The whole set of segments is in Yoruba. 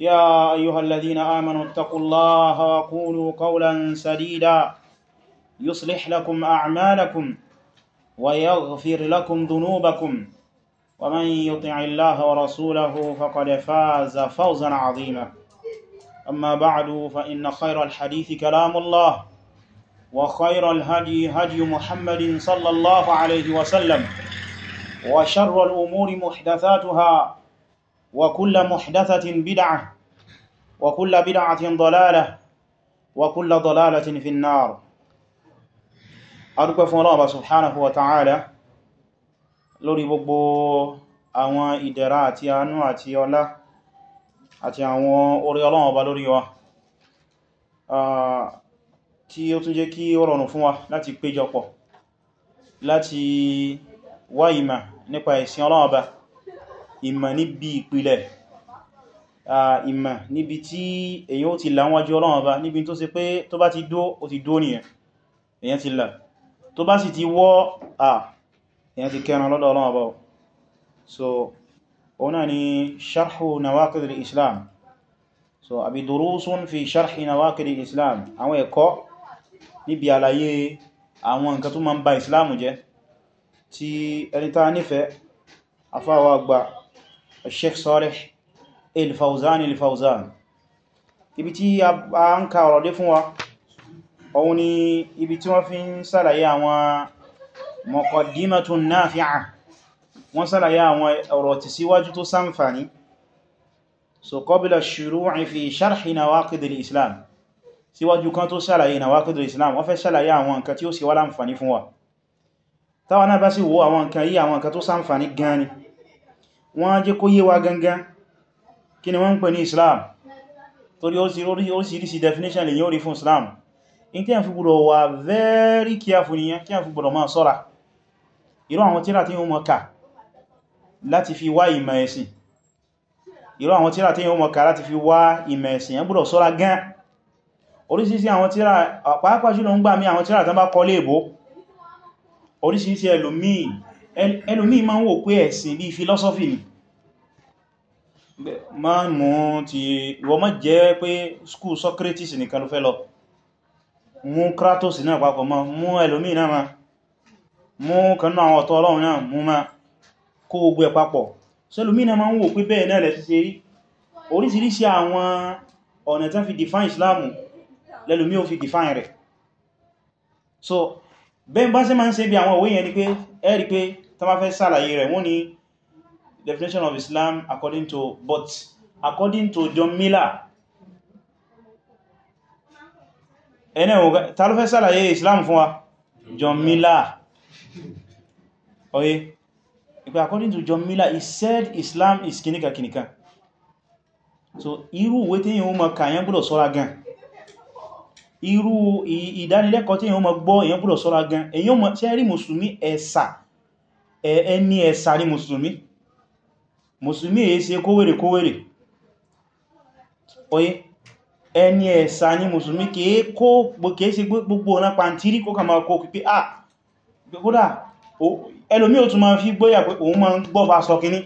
يا أيها الذين آمنوا اتقوا الله وقولوا قولا سديدا يصلح لكم أعمالكم ويغفر لكم ذنوبكم ومن يطع الله ورسوله فقد فاز فوزا عظيما أما بعد فإن خير الحديث كلام الله وخير الهدي هدي محمد صلى الله عليه وسلم وشر الأمور محدثاتها وكل محدثة بدعة وكل بدعة ضلالة وكل ضلالة في النار أركف فالله سبحانه وتعالى lórí gbogbo àwọn ìdẹ̀ra àti àánú àti ọlá àti àwọn orí Ọlọ́run ọba lórí wa tí ó tún jẹ́ kí ó rọrùn fún wa láti péjọpọ̀ láti wá ìmọ̀ nípa ìsìn Ọlọ́run ọba ìmọ̀ níbi ìpìlẹ̀ ìmọ̀ níbi tí èyàn ó ti láwájú Ọlọ́run Ọba níbi tó ṣe pé tó bá ti dó ó ti dó nìyẹn èyàn ti là tó bá sì ti wọ́ à èyàn ti kẹran lọ́dọ̀ Ọlọ́run Ọba so ọ̀nà ni sharhu nawaqid al-islam so àbí durusun fi sharhi nawaqid al-islam àwọn ẹ̀kọ́ níbi àlàyé àwọn nǹkan tó ma ń ba islam jẹ́ tí ẹni ta nífẹ̀ẹ́ afáwà gbà الشيخ Salih الفوزان الفوزان. al-Fawzan ibi tí a ń ka ọ̀rọ̀ dé fún wa òun ni ibi tí wọ́n fi ń sàlàyé àwọn muqaddimatun nafi'ah wọ́n sàlàyé àwọn ọ̀rọ̀ tí síwájú tó ṣàǹfààní so qabla shuru'i fi sharhi nawaqid al-Islam síwájú kan tó sàlàyé nawaqid al-Islam wọ́n wọ́n jẹ́ kó yé wa gangan kí ni wọ́n ń pè ní islam torí oríṣìíríṣìí definition lè yóò rí fún islam in tí a fi gbọ́dọ̀ wà very careful nìyàn kí a fi gbọ́dọ̀ máa ṣọ́ra irú àwọn tíra tí wọ́n mọ̀ ká láti fi wá ìmọ̀ ẹ̀sìn irú àwọn tíra tí wọ́n mọ̀ ká láti fi wá ìmọ̀ ẹ̀sìn yẹn gbọ́dọ̀ ṣọ́ra gan oríṣìíríṣìí àwọn tíra pàápàá jùlọ ń gbà mí àwọn tíra tán bá kọ léèbó oríṣìíríṣìí ẹlòmíì ẹlòmíì máa ń wò pé ẹ̀sìn bí philosophy ni ma ń mú ti wọ́n má jẹ́ pé skú Socrates nìkan ló fẹ́ lọ mú Kratos náà papọ̀ mọ́ mú ẹlòmí náà ma mú kanú àwọn ọ̀tọ́ ọlọ́run náà mú ma kó gbogbo ẹ̀ papọ̀ sẹlòmí náà ma ń wò pé bẹ́ẹ̀ náà lẹ́ ti ṣe rí oríṣiríṣi àwọn ọ̀nà tán fi define Islam lẹ́lòmí ò fi define rẹ̀ so bẹ́ẹ̀ bá ṣe ma ń ṣe bí àwọn òwe yẹn ni pé ẹ́rí pé tán bá fẹ́ sàlàyé rẹ̀ wọ́n ni definition of Islam according to but according to John Miller ẹni ọ̀gá ta ló fẹ́ sàlàyé Islam fún wa John Miller oye ìpé according to John Miller he said Islam is kìníkà kìníkà so irú ìwé tí yíò mọ̀ kàyán gbọ́dọ̀ sọ́ra gan irú ìdánilẹ́kọ̀ọ́ tí yíò mọ̀ gbọ́ èyàn gbọ́dọ̀ sọ́ra gan èyàn mọ̀ ṣẹ́rí mùsùlùmí ẹ̀sà ẹni ẹ̀sà ni mùsùlùmí mùsùlùmí èyí ṣe kówèrè kówèrè oye ẹni ẹ̀sà ni mùsùlùmí kìí kó kìí ṣe gbogbo ọ̀nà pàntírí kó kàmà kó pípé à ah, kódà ẹlòmí ò tún máa fi gbóyà pé òun máa ń gbọ́ sọ kíní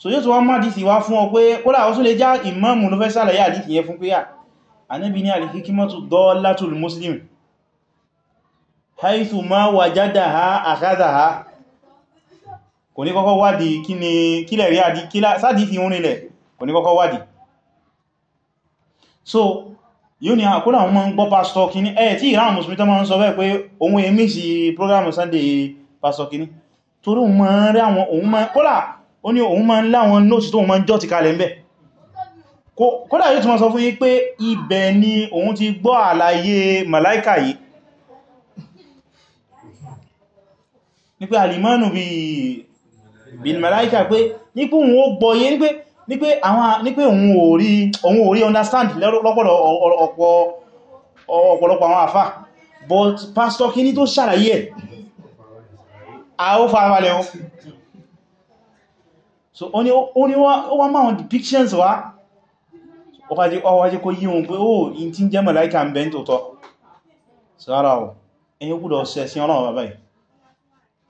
so yóò tún wá má dìsì wá fún ọ pé kódà ó tún lè já ìmáàmù ló fẹ́ sàlàyé àdìsì yẹn fún pé ah, à anẹ́bí ní al-hikmatu dallatul muslim haythu kò ní kọ́kọ́ wádìí kí ni kílẹ̀ rí àdí sáàdì fi orin lẹ̀ kò ní kọ́kọ́ wádìí so yíò ní àkúrò àwọn mọ́n gbọ́ pastor kìíní ẹ̀ tí ìran musulmi tó máa ń sọ bẹ́ẹ̀ pé ohun èmì sí program sunday pastor kìíní torí òun máa ń rí àwọn òun máa kọ́lá ó ní òun máa ń láwọn nóòtì yóò ti máa sọ fún yín pé ibẹ̀ ni òun ti gbọ́ àlàyé màláìkà yìí ní pé alìmọ́nù bíi bil malaika pé nípé òun ó gbọ́yé nípé òun ò rí understand lọ́pọ̀lọpọ̀ ọ̀pọ̀lọpọ̀ àwọn àfà but pastor kí ní tó ṣàlàyé ẹ̀ a ó farabalẹ̀ wọn so ó ní wọ́n máa depictions wá ọwájẹ́ kó yí wọn pé ó oh, in tí ń jẹ́ malaika ń bẹ́ ń tòótọ́ sára ọ̀ ẹ̀yìn kúrò ọ̀sẹ̀ sí ọlọ́run bàbáyìí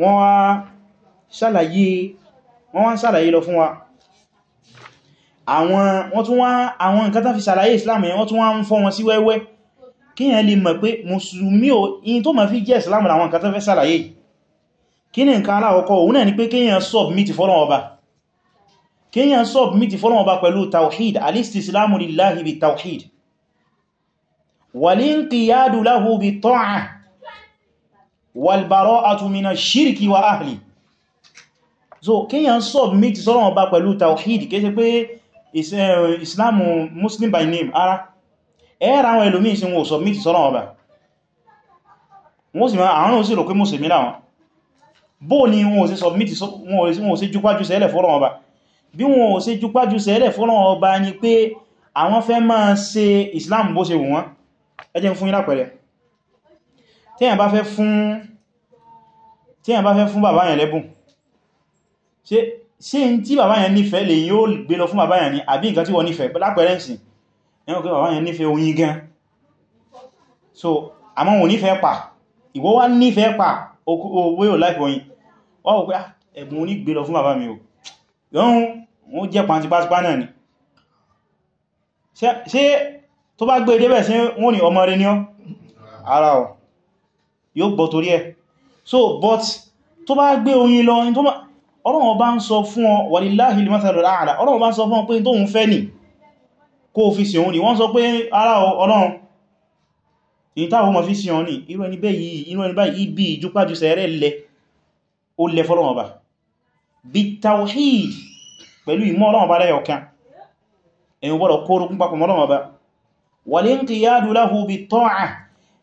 wọ́n wá ṣàlàyé wọ́n wá ṣàlàyé lọ fún wa àwọn wọ́n tún wá àwọn nǹkan tán fi ṣàlàyé islam yẹn wọ́n tún wá ń fọ́ wọn sí wẹ́wẹ́ kí yẹn lè mọ̀ pé mùsùlùmí o in tó ma fi jẹ́ islam làwọn nǹkan tán fẹ́ ṣàlàyé kí ni nǹkan aláwọ̀kọ́ òun náà ni pé kíyàn submit fọ́lọ́wọ́ ọba kíyàn submit fọ́lọ́wọ́ ọba pẹ̀lú tawhid alistislamu lillahi bi tawhid wal inqiyadu bi ta'ah Walbaro atumina shirki wa ahli so kíyàn submit sọ́rọ̀ ọba pẹ̀lú tawhid kéèsẹ́ pé eh, islamu muslim by name ara ẹ́ra àwọn ẹlòmí ìsinmi ò submit sọ́rọ̀ ọba wọ́n sì máa àwọn òsì rò pé mùsùlùmí náà bó ní wọn ò sí submit wọn ò sí jùpájú sẹ́lẹ̀ fọ́rọ̀ ọba bí wọn sí jùpájú sẹ́lẹ̀ fọ́rọ̀ ọba ni pé àwọn fẹ́ máa ṣe islam bó ṣe wù wọ́n ẹ fún yín téèyàn bá fẹ́ fún téèyàn bá fẹ́ fún bàbá yẹn lẹ́bùn ṣé ṣé n tí bàbá yẹn nífẹ̀ẹ́ lè yóò gbé lọ fún bàbá yẹn ni àbí nǹkan tí wọ́n nífẹ̀ẹ́ lápẹẹrẹ ìsìn ẹ̀wọ̀n pé bàbá yẹn nífẹ̀ẹ́ oyin gan so àmọ́ wọn nífẹ̀ẹ́ pa ìwọ wá nífẹ̀ẹ́ pa owó yóò láìpẹ́ oyin wọ́n wọ́n pé ah, ẹ̀bùn oní gbé lọ fún bàbá mi o yọ́n wọ́n jẹ́ pàǹtípàtípà náà ni ṣé tó bá gbé e débẹ̀ sí wọ́n ni ọmọ rẹ̀ ni ọ́ ara yóò gbọ́ torí ẹ̀ so but tó bá gbé oyin lọ Ọlọ́run bá ń sọ fún ọ walillahil mathalul a'la Ọlọ́run bá ń sọ fún ọ pé tó ń fẹ́ nì kó fi sí òun ni wọ́n sọ pé ara Ọlọ́run ní táwọn ma fi sí òun ni irú ẹni báyìí irú ẹni báyìí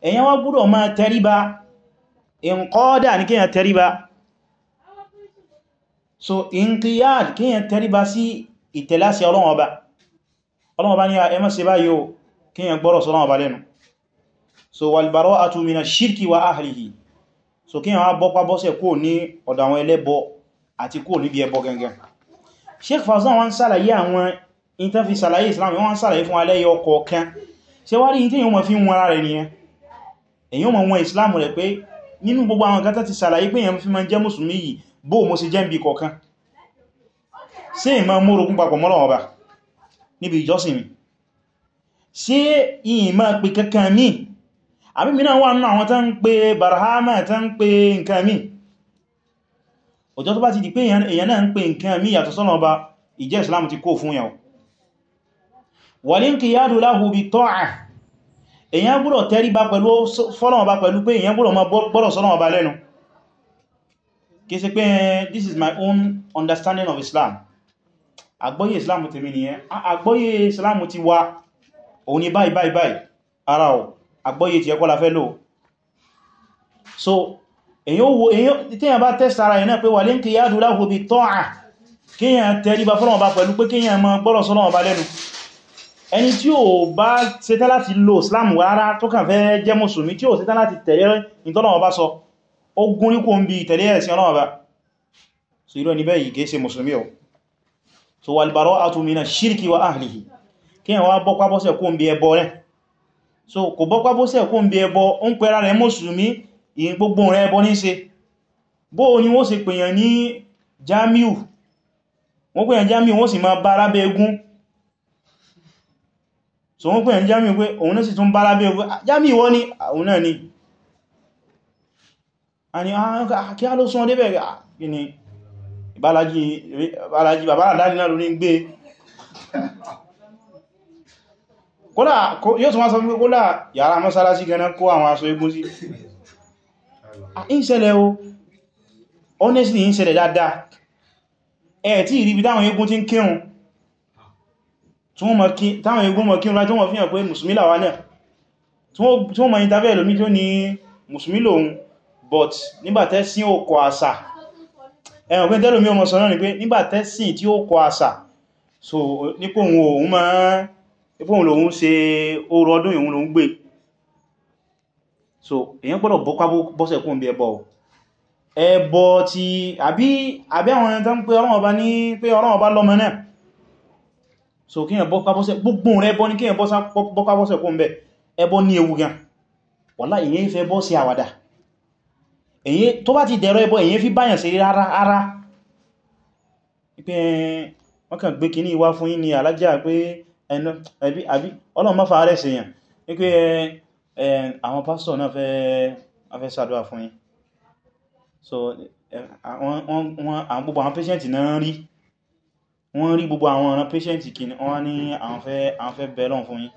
èyàn wá gbọ́dọ̀ máa tẹríba ìǹkọ́dà ní kíyàn tẹríba so ìǹkíyàd kíyàn tẹríba sí ìtẹ̀láṣẹ Ọlọ́run Ọba Ọlọ́run Ọba ní a ẹmọ́ ṣe báyìí o kíyàn gbọ́rọ̀ sọ lẹ́nu so walbara'atu mina shirki wa ahlihi so kíyàn wá bọ́pá bọ́sẹ̀ kó ní ọ̀dọ̀ àwọn ẹlẹ́bọ àti kó níbi ẹbọ gangan Sheikh Fawzan wọ́n ṣàlàyé àwọn ìtànfi ṣàlàyé Islam wọ́n ṣàlàyé fún alẹ́yọ kọ̀ọ̀kan ṣe wá rí ìtẹ́yìn wọn fi ń wọn ara rẹ̀ nìyẹn èyàn mọ̀ wọn islam rẹ̀ pé nínú gbogbo àwọn kan ti sàlàyé pé èyàn fi ma jẹ́ mùsùlùmí yìí bó mo sì jẹ́ ń bí kọ̀ọ̀kan ṣé ìmọ̀ mórogún papọ̀ mọ́lọ̀ ọba níbi ìjọsìn mi ń pe barahama tán ń pe nǹkan mi ọjọ́ pe nǹkan mi yàtọ̀ sọ́nà ọba ti kó fún yàwó wàlínkìyàdù láhù tọ́à èyàn gbọ́dọ̀ tẹríba pẹ̀lú fọ́lọ̀wọ̀n bá pẹ̀lú pé èyàn gbọ́dọ̀ ma sọ́lọ̀wọ̀n bá lẹ́nu kì í pé this is my own understanding of Islam àgbọ́yé Islam ti mi nìyẹn àgbọ́yé Islam ti wá òun ni báyìí báyìí báyìí ara ọ̀ àgbọ́yé ti ẹkọ́ la fẹ́ lò so èyàn wo èyàn tíyàn bá test ara ẹ̀nà pé wà lé ń kí yádùú láhùbí tọ́à kíyàn tẹríba fọ́lọ̀wọ̀n bá pẹ̀lú pé kíyàn ma gbọ́dọ̀ sọ́lọ̀wọ̀n bá lẹ́nu ẹni tí ó bá ṣetán láti lo islam rárá tó kàn fẹ́ jẹ́ mùsùlùmí tí ó ṣetán láti tẹ̀lé ìtọ́lọ̀wọ̀ bá sọ ó gún ní kó ń bí tẹ̀lé ẹ̀sìn ọlọ́wọ̀ bá so irú ẹni bẹ́ẹ̀ kìí ṣe mùsùlùmí o so walbara'atu mina shirki wa ahlihi kí wọ́n bọ́kwá bọ́sẹ̀ kó ń bí ẹbọ so kò bọ́kwá bọ́sẹ̀ kó ń bí ẹbọ ó ń pẹ́ra rẹ̀ mùsùlùmí ìyìn gbogbo rẹ̀ ẹbọ ní ṣe ni wọ́n sì pèyàn so wọ́n pè ní jami pé òun náà sì tún bá lábẹ́ ogun ah, jami wọ́n ni ah, òun náà ni a ni ah, kí a ló sún ọdé bẹ̀rẹ̀ gini ìbálájí bàbá àdáni náà lórí ń gbé kódà yóò tún wá sọ fún kódà yàrá mọ́sálásí gẹ́nà kó àwọn aṣọ egun sí ìṣẹ̀lẹ̀ o honestly ìṣẹ̀lẹ̀ dáadáa ẹ̀ tí ìrìbí táwọn egun ti ń kírun táwọn igbó mọ̀ kí n rájọ́ wọn fi hàn pé musulmi làwà náà tí wọ́n mọ̀ ní tàbí ẹlòmí tó ní musulmi lòun but nígbàtẹ́ sí ó kọ àṣà ẹ̀wọ̀n pé tẹ́lòmí ọmọ sọ náà ni pé nígbàtẹ́ sí tí ó kọ àṣà so nípò òun lòun ṣe so èyàn gbọ́dọ̀ bọ́kwá bọ́sẹ̀ kún bí ẹbọ ẹbọ ti àbí àwọn ẹni tán pé ọlọ́wọ́ bá ní so kíyàn bọ́kábọ́sẹ̀ gbogbo rẹ̀ bọ́ ní kíyàn bọ́kábọ́sẹ̀ kún bẹ́ ẹbọ ní ewu gan wọ́lá èyí fẹ́ bọ́ sí àwàdà èyí tó bá ti dẹ̀rọ ẹbọ èyí fi báyàn sí rárá ara pé wọ́n kàn gbé kíní wá fún yín ní alájá pé ọlọ́mọ́fà rẹ̀ sèyàn wípé àwọn pásítọ̀ náà so àwọn gbogbo àwọn patient náà rí wọ́n rí gbogbo àwọn ọ̀ràn patient kìí wọ́n ní àwọn fẹ́ bẹ̀lọ́n fún yín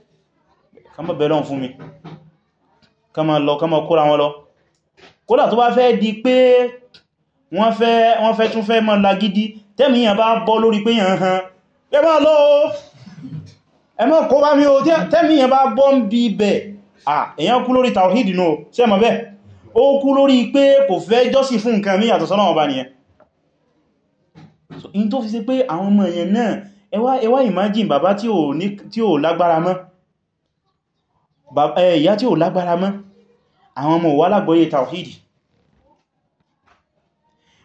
kama bẹ̀lọ́n fún mi kama lọ kama kóra wọn lọ kódà tó bá fẹ́ di pé wọ́n fẹ́ tún fẹ́ mọ́ lagidi tẹ́mì yàn bá bọ́ lórí pé yàn hàn ẹ má lọ ẹ má kó bá mi o tẹ́mì yàn bá bọ́ ń bi bẹ̀ èyàn kú lórí tawhid nù sẹ́mọ̀ bẹ́ ó kú lórí pé kò fẹ́ jọ́sìn fún nǹkan mí àtọ̀sọ́lọ́wọ́ bá nìyẹn so in tó fi ṣe pé àwọn ọmọ èèyàn náà ẹ wá imagine bàbá tí ò lágbára mọ́ ìyá tí ò lágbára mọ́ àwọn ọmọ wà lágbọ́yé tàwíìdì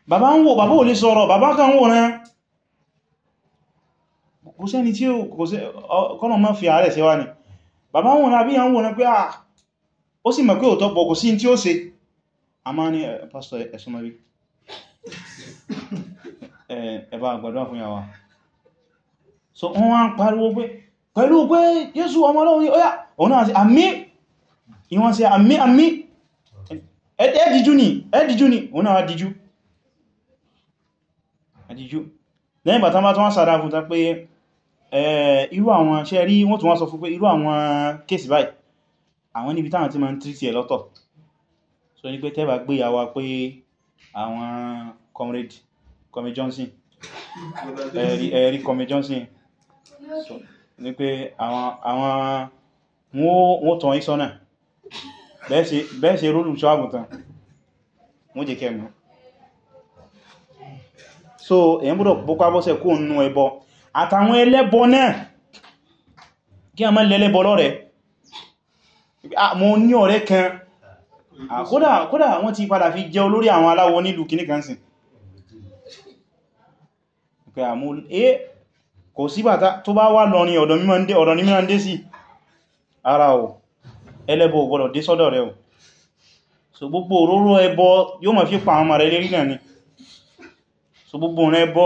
bàbá ń wò bàbá ò lè sọ̀rọ̀ bàbá kan wò náà kò sẹ́ni tí kò sẹ́ kọ́nà má fi ààrẹ ṣe wá ní bàbá wọn náà bí i àwọn pé à ah! ó sì mọ̀ pé òtọ́pọ̀ kò sí tí ó ṣe a máa ní pastor ẹ̀sùn mọ́rí ẹ̀bá àgbàdúrà fún yàwá so wọ́n wá ń pariwo pé pẹ̀lú pé Jésù ọmọ Ọlọ́run ni ọya òun náà sí àmì ìwọ́n sí àmì àmì ẹ̀dìjú ni ẹ̀dìjú ni òun náà adìjú adìjú lẹ́yìn bàtán bá tún wá sára fún ta pé irú àwọn ṣe rí wọ́n tún wá sọ fún pé irú àwọn kéèsì báyìí àwọn níbi táwọn ti máa ń tírítì ẹ̀ lọ́tọ̀ so ní pé tẹ́bà gbéyàwó pé àwọn comrade Comey Johnson ẹ̀rí Comey Johnson ní pé àwọn wọ́n tọ́ ìsọ́nà bẹ́ẹ̀ ṣe rúlù ṣọ́àbùtàn wọ́n jẹ́ kẹ́mù so èyàn búrò púpá bọ́sẹ̀ kó nù ẹbọ àtàwọn ẹlẹ́bọ náà kí a má lẹ́lẹ́bọ lọ́rẹ̀ mo ní ọ̀rẹ́ kan kódà wọ́n ti padà fi jẹ́ olórí àwọn aláwọ̀ nílùú kìnnìkan sìn pé àmú e kò síbàtá tó bá wà lọ ní ọ̀dọ̀ ní mìíràn dé sí ara ò ẹlẹ́bọ̀ gbọ́dọ̀ dé sọ́dọ̀ rẹ̀ ò so gbogbo òróró ẹbọ yóò máa fi pa àwọn mara ilé rígàn ni so gbogbo rẹ̀ ẹbọ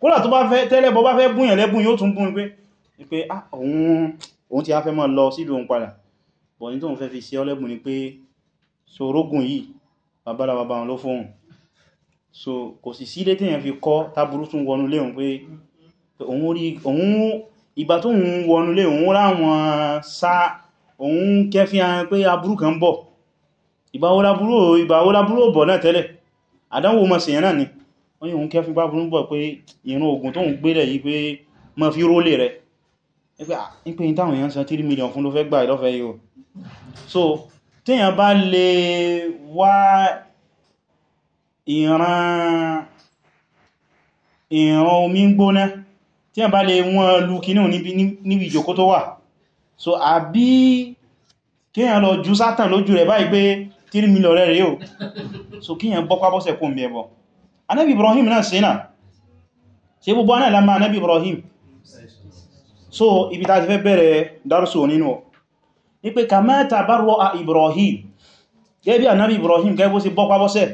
kódà tó bá fẹ́ tẹ́lẹ́bọ bá fẹ́ búyàn lẹ́bùn yóò tún bún pé pé òun ti á fẹ́ mọ́ lọ sílùú òun padà bọ̀ ní tóun fẹ́ fi ṣe ọlẹ́bùn ni pé sorógùn yìí babalababa wọn ló fóhun so kò sì sílé tí èyàn fi kọ́ tábúrú tún wọnú òun pé òun rí òun ìgbà tó ń wọnú òun ráwọn sá òun kẹfí ahẹ́ pé aburú kan bọ̀ ìgbàwólábúrú bọ̀ náà tẹ́lẹ̀ àdánwò mọ̀ sí ẹ̀nà ni wọ́n kẹfí báburú bọ̀ pé ìrún ogun tó ń gbélẹ̀ yìí pé mọ́ fi rólè rẹ̀ pé ìran omi ń gbóná tí a bá lè wọ́n lú kínú níbi ìjòkó tó wà so àbí kíyàn lọ jù sátàn lójú rẹ̀ báyìí pé tírí mi lọ rẹ̀ rẹ̀ o so kíyàn bọ́ pábọ́sẹ̀ kún bí ẹbọ anábi Ibrahim náà sí náà ṣe gbogbo náà lámà anábi Ibrahim so ibi ta ti fẹ́ bẹ̀rẹ̀ dárúsù nínú ní pé kàmẹ́ta bá rọ́ Ibrahim gẹ́bí anábi Ibrahim gẹ́gbó sí bọ́ pábọ́sẹ̀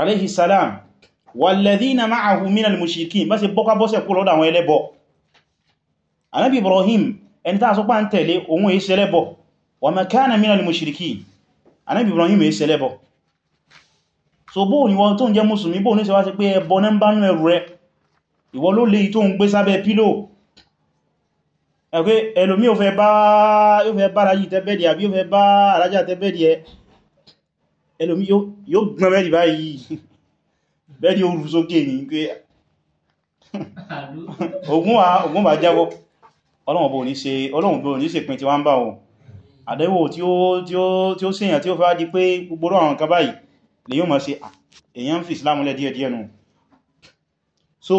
alayhi salam walladhina ma'ahu minal mushrikin bá ṣe bọ́ká bọ́sẹ̀ kú lọ́dọ̀ àwọn ẹlẹ́bọ anábi ibrahim ẹni tàà sọpá ń tẹ̀lé ohun èé ṣẹlẹ́bọ wa ma kana minal mushrikin anábi ibrahim èé ṣẹlẹ́bọ so bóò ni wọ́n tó ń jẹ́ musulmi bóò ní ṣe wá sí pé ẹbọ ní bá nú ẹrù rẹ ìwọ ló lè tó ń gbé sábẹ́ pílò ẹ̀kẹ́ ẹlòmí ò fẹ́ bá ara tẹ́bẹ̀dì àbí ò fẹ́ bá alájá tẹ́bẹ̀dì ẹ̀ ẹlòmí yóò gbọ́n mẹ́rin báyìí bẹ́ẹ̀ni ó rú sókè ní pé ogun bá jábọ́ ọlọ́run bó ní ṣe ọlọ́run bó ní ṣe pín tí wọ́n bá wọn àdẹ́wò tí ó ṣèyàn tí ó fẹ́ di pé gbogbo àwọn kan báyìí lè yóò máa ṣe èyàn fi Islam lẹ̀ díẹ̀díẹ̀ nù so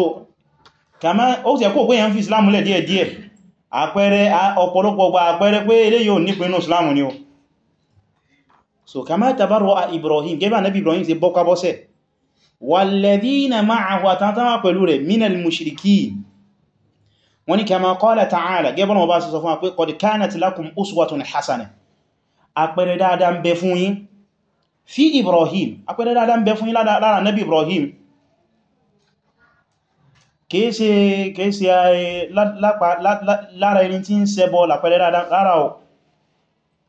kàmá ó ti ẹ̀kọ́ pé èyàn fi Islam lẹ̀ díẹ̀díẹ̀ àpẹẹrẹ ọ̀pọ̀lọpọ̀ àpẹẹrẹ pé eléyìí ò nípinnu Islam ni o so kama tabarwa ibrahim gẹ́bà nabi ibrahim ṣe bọ́kwá bọ́sẹ̀ walladhina ma'ahu àtàntàwà pẹ̀lú rẹ̀ minal mushrikin wọ́n ni kama qala ta'ala gẹ́bà náà bá ṣe sọ fún àpé qad kanat lakum uswatun hasana àpẹẹrẹ dáadáa ń bẹ fún yín fi ibrahim àpẹẹrẹ dáadáa ń bẹ fún yín lára nabi ibrahim kèése eh, lára ẹni tí ń ṣẹbọ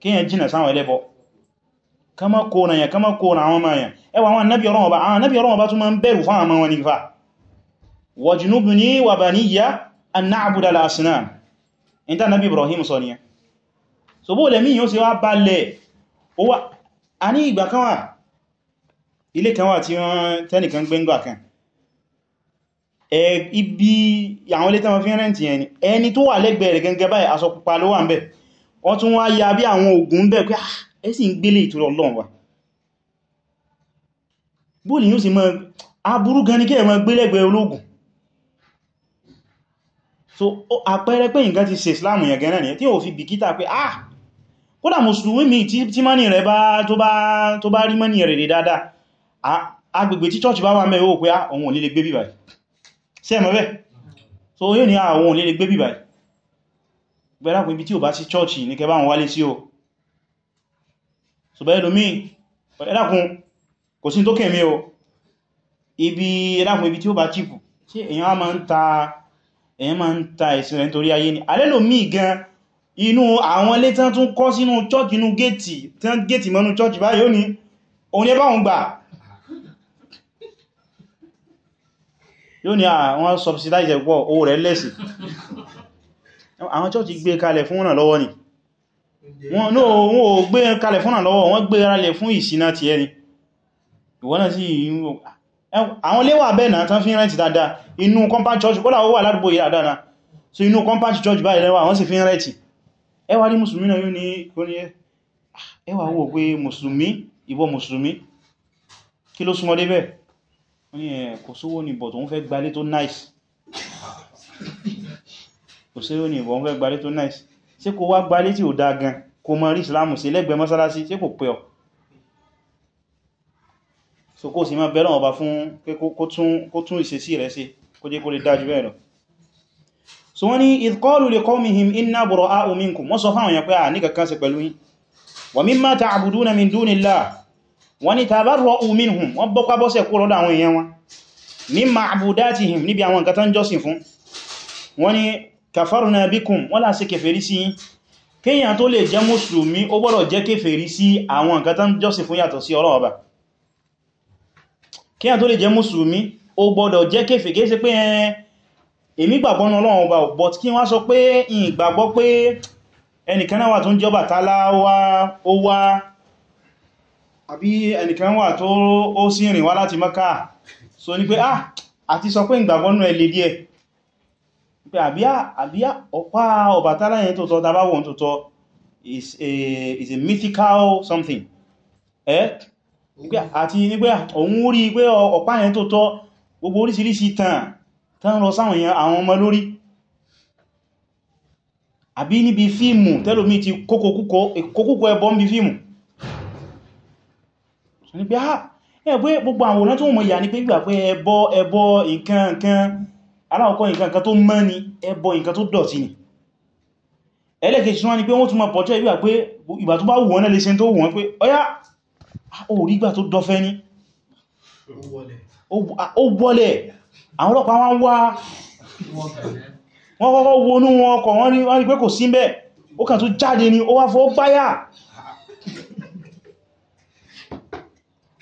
kíyàn jìnà sáwọn ẹlẹ́bọ kama kóòrò yẹn kama kóòrò àwọn ọmọ yẹn ẹwà àwọn anábì ọlọ́wọ́ bá àwọn anábì ọlọ́wọ́ bá tún máa ń bẹ̀rù fáwọn ọmọ wọn nífà wajnubni wa baniya an na'buda al-asnam ìta anábì Ibrahim sọ ni so bó lẹ́mí yóò sì wá balẹ̀ a ní ìgbà kan wà ilé kan wà tí wọ́n tẹ́nìkan gbẹ́ngbà kan ibi àwọn ilé tẹ́wọ́n fi rẹ́ntì ẹni tó wà lẹ́gbẹ̀ẹ́ rẹ̀ gẹ́gẹ́ báyìí aṣọ ló wà ń bẹ̀ wọ́n tún wá ya bí àwọn ogun ń bẹ̀ pé ah, ẹ sì ń gbélé ìtorí Ọlọ́run bóòlì yóò sì mọ́ aburú gan ní kí ẹ̀mọ́ gbélẹ̀gbẹ̀ ológun so àpẹẹrẹ pé nǹkan ti ṣe Islam yẹn gan náà tí ó fi bìkítà pé ah kódà mùsùlùmí mi tí mọ́nì rẹ̀ bá tó bá rí mọ́nì rẹ̀ dáadáa agbègbè tí church bá wà mẹ́ ó pé àwọn ah, òní lè gbé so yóò ní àwọn ah, òní lè gbé bíbáyìí bẹ́rẹ̀ pé ibi tí ò bá sí chọ́ọ̀chì ní kẹbà wọn wálé sí o ṣùgbọ́n ẹlòmí ẹ̀dàkùn kò sí tó kẹ̀mí o ibi ẹ̀dàkùn ibi tí ó bá chìpù tí èyàn máa ń ta èyàn máa ń ta ẹ̀sìn rẹ̀ nítorí ayé ni alẹ́lòmí gan inú àwọn ilé tán tún kọ́ sínú chọ́ọ̀chì inú gẹ́ẹ̀tì tán gẹ́ẹ̀tì mọ́nú chọ́ọ̀chì báyìí ó ní òun ẹbá òun gbà àwọn church gbé kalẹ̀ fún ọ̀nà lọ́wọ́ ni wọ́n náà wọ́n ò gbé kalẹ̀ fún ọ̀nà lọ́wọ́ wọ́n gbé kalẹ̀ fún ìṣìnà ti ẹni ìwọ́n náà sí ah, àwọn léwà bẹ́ẹ̀ náà tán fi rent dáadáa inú compound church kọ́lá ó wà ládùúgbò yìí dáadáa náà so inú compound church báyìí lẹ́wà wọ́n sì fi rent ẹ wá rí mùsùlùmí náà yóò ní kóní ah, ẹ wá wò pé mùsùlùmí ìwọ mùsùlùmí kí ló súnmọ́ débẹ̀ wọ́n ní ẹ̀ kò sówó ní bọ̀ tó ń fẹ́ gbalé tó nice kò sí ó ní ìwọ̀n fẹ́ gbalé tó náìsì sí kò wá gbalé tí ò dá gan kò mọ̀ rí ìsìlámù sí lẹ́gbẹ̀ẹ́ mọ́sálásí sí kò pẹ́ ọ̀ so kó sì máa bẹ̀rẹ̀ ọba fún kó tún ìṣesí rẹ̀ sí kó jẹ́ kó lè dájú bẹ́ẹ̀ lọ so wọ́n ní idh qalu li qawmihim inna bura'a'u minkum wọ́n sọ fáwọn yẹn pé à ní kankan sí pẹ̀lú yín wa mimma ta'buduna min dunillah wọ́n ní tabarra'u minhum wọ́n bọ́kwá bọ́sẹ̀ kúrò lọ́dọ̀ àwọn èèyàn wọn min ma'budatihim níbi àwọn nǹkan tán jọ́sìn fún wọ́n ní kàfàrùnà bíkùn wọ́n láṣe kèfèrí sí kíyàn tó lè jẹ́ mùsùlùmí ó gbọ́dọ̀ jẹ́ kèfèrí sí àwọn nǹkan tán jọ́sìn fún yàtọ̀ sí Ọlọ́run Ọba kíyàn tó lè jẹ́ mùsùlùmí ó gbọ́dọ̀ jẹ́ kèfèrí kìí ṣe pé ẹn èmi gbàgbọ́ nínú Ọlọ́run Ọba but kí ah àti sọ pé ìgbàgbọ́ ẹ̀ lè díẹ̀ pé àbíá ọ̀pá Ọbàtálá yẹn tó tọ́ tàbá wọn tó is a mythical something eh àti ní pé òun rí pé ọ̀pá yẹn tó tọ́ gbogbo oríṣiríṣi tàn tán lọ sáwọn èèyàn àwọn ọmọ lórí àbí níbi fíìmù tẹ́lòmí ti kókókókó ẹbọ níbi fíìmù ní pé ah ẹgbẹ́ gbogbo àwòrán tó mọ̀ ìyà ní pé gbà pé ẹbọ ẹbọ nǹkan nǹkan aláwọ̀kọ́ nǹkan kan tó mọ́ ni ẹbọ nǹkan tó dọ̀tí ni ẹlẹ́kẹ̀ẹ́sì wọ́n ni pé wọ́n tún ma pọ̀jọ́ ìgbà pé ìgbà tó bá wù wọ́n lẹ́lẹ́sẹ̀ tó wù wọ́n pé ọyá orígbà tó dọ́fẹ́ ní ó wọlẹ̀ àwọn ọlọ́pàá wọ́n wá wọ́n kọ́kọ́ wọnú wọn ọkọ̀ wọ́n rí pé kò sí ńbẹ̀ ó kàn tó jáde ni ó wá fọ́ báyà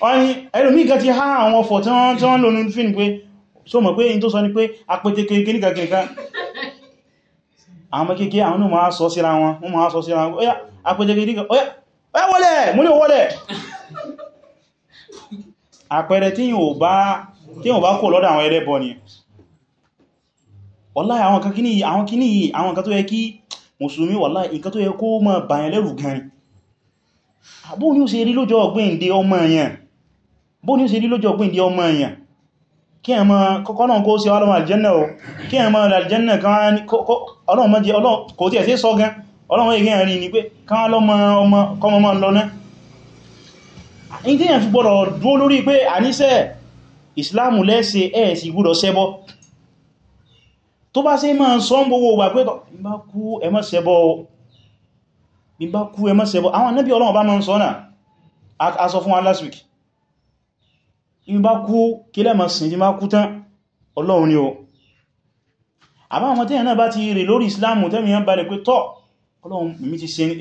wọ́n ni ẹlòmí kan ti há àwọn ọfọ̀ tí wọ́n lónú fíìmù pé so mọ̀ pé in tó sọ ní pé apẹtẹkẹ kíníkàkíníkà àwọn kéèké àwọn ní ma sọ síra wọn wọ́n ma sọ síra wọn ọya apẹtẹkẹ kíníkà ọya ọya wọlẹ̀ mú ní wọlẹ̀ àpẹẹrẹ tí yíò bá kò lọ́dọ̀ àwọn ẹlẹ́bọ ni wọ́lá àwọn kíní àwọn kíní yìí àwọn nǹkan tó yẹ kí mùsùlùmí wọ́lá nǹkan tó yẹ kó mọ̀ bàyàn lẹ́rù gan bó ní ó ṣe rí lọ́jọ́ ọgbìn dé kí ẹ ma kọ́kọ́ náà kó sí ọlọ́mà aljanna o kí ẹ ma aljanna kan ọlọ́mà jẹ kò tí ẹ̀ sí sọ gan ọlọ́mà ìgbẹ̀ ẹ̀rin ni pé kan ọlọ́mà ma lọ náà in tí ẹ̀ fi gbọ́rọ̀ dúó lórí pé àníṣẹ́ ìsìláàmù lẹ́sẹ̀ ẹ̀ sì gbọ́dọ̀ ṣẹbọ tó bá ṣe máa sọ ń gbogbo ògbà pé ìbá kú ẹ má ṣẹbọ àwọn anábí ọlọ́mà bá máa ń sọ náà a sọ fún wa last week in bá kú kílẹ̀ ma sin tí ma kú tán ọlọ́run ni o àbá àwọn tẹ́yàn náà bá ti rí lórí islamu tẹ́mi yán balẹ̀ pé tọ́ ọlọ́run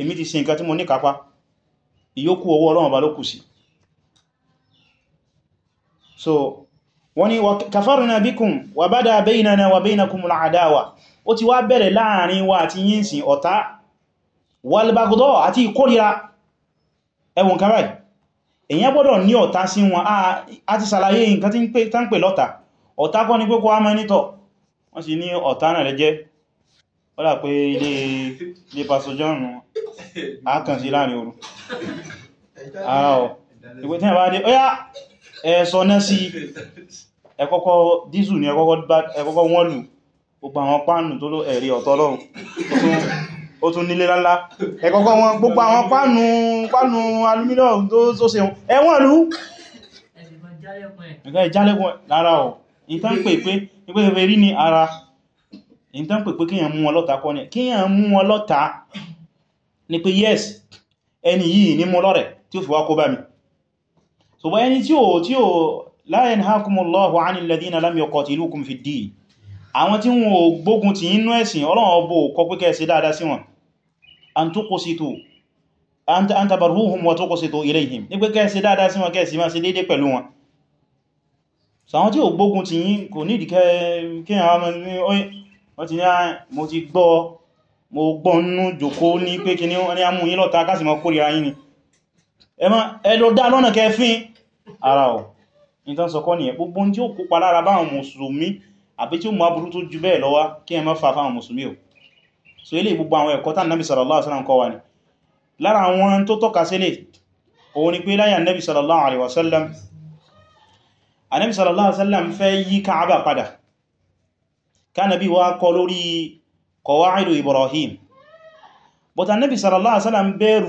èmi ti ṣe nǹkan tí mo ní kápá ìyókù ọwọ́ ọlọ́run bá ló kù sí so wọ́n ni kafarna bikum wa bada baynana wa baynakumul adawa ó ti wá bẹ̀rẹ̀ láàrin wa àti yínsìn ọ̀tá wal bagdo àti ìkórira ẹwùn kan èyàn gbọ́dọ̀ ní ọ̀tá sí wọn a ti ṣàlàyé nǹkan tí ń pè lọ́ta ọ̀tá kọ́ ní pẹ́kọ́ amẹ́nitọ̀ wọ́n sì ní ọ̀tá náà lẹ́jẹ́ wọ́n dà pé ilé pasojọ́nù ákàn sí láàrin oru ara ọ̀ ìpé tí ẹ̀bá dé ọyá ẹ̀ẹ́sọ náà sí ẹ̀kọ́kọ́ dísù ní ẹ̀kọ́kọ́ wọ́n gbogbo àwọn páànù tó ẹ̀rí ọ̀tọ́ ó tún nílé lálá ẹ̀kọ́kọ́ wọn gbogbo àwọn pánù pánù aluminium tó ṣe ẹ̀wọ̀n lú ẹ̀kọ́ ìjálẹ́kùn lára ọ̀ ìtàn pè pé ìpẹ́fẹ́ rí ní ara ìtàn pè pé kíyàn mú wọn lọ́ta kọ́ ní kíyàn mú wọn ni pé yes ẹni yìí ní mú lọ́rẹ̀ tí ó fi wá kó bá mi ṣùgbọ́n ẹni tí ó tí ó la yanhakumullahu 'anil ladhina lam yuqatilukum fid-din àwọn tí wọn ò gbógun ti inú ẹ̀sìn Ọlọ́run ọbọ̀ kọ pé kẹ́ dáadáa sí wọn an tuqsitu an tabarruhum wa tuqsitu ilayhim ní pé kẹ́ẹ̀sì dáadáa sí wọn kẹ́ẹ̀sì máa ṣe dédé pẹ̀lú wọn so tí ò gbógun ti yín kò ní ìdíkẹ́ kí àwọn ọmọ ní oye wọ́n ti ní ah, mo ti gbọ́ mo gbọ́ nínú jòkó ní pé kí ní wọ́n ni a mú yín lọ́ta kásì mọ́ kórìíra yín ni ẹ lọ dá lọ́nà kẹfín ara ọ̀ nǹkan sọkọ́ nìyẹn gbogbo so ilé gbogbo àwọn ẹ̀kọ́ tán nabi sallallahu alaihi wasallam kọ́ wa ni lára àwọn tó tọ́ka sílẹ̀ òun ni pé láyà nabi sallallahu alaihi wasallam anabi sallallahu alaihi wasallam fẹ́ yí káàbà padà kánàbí wá kọ lórí kọwàáìdò ibrahim but anabi sallallahu alaihi pé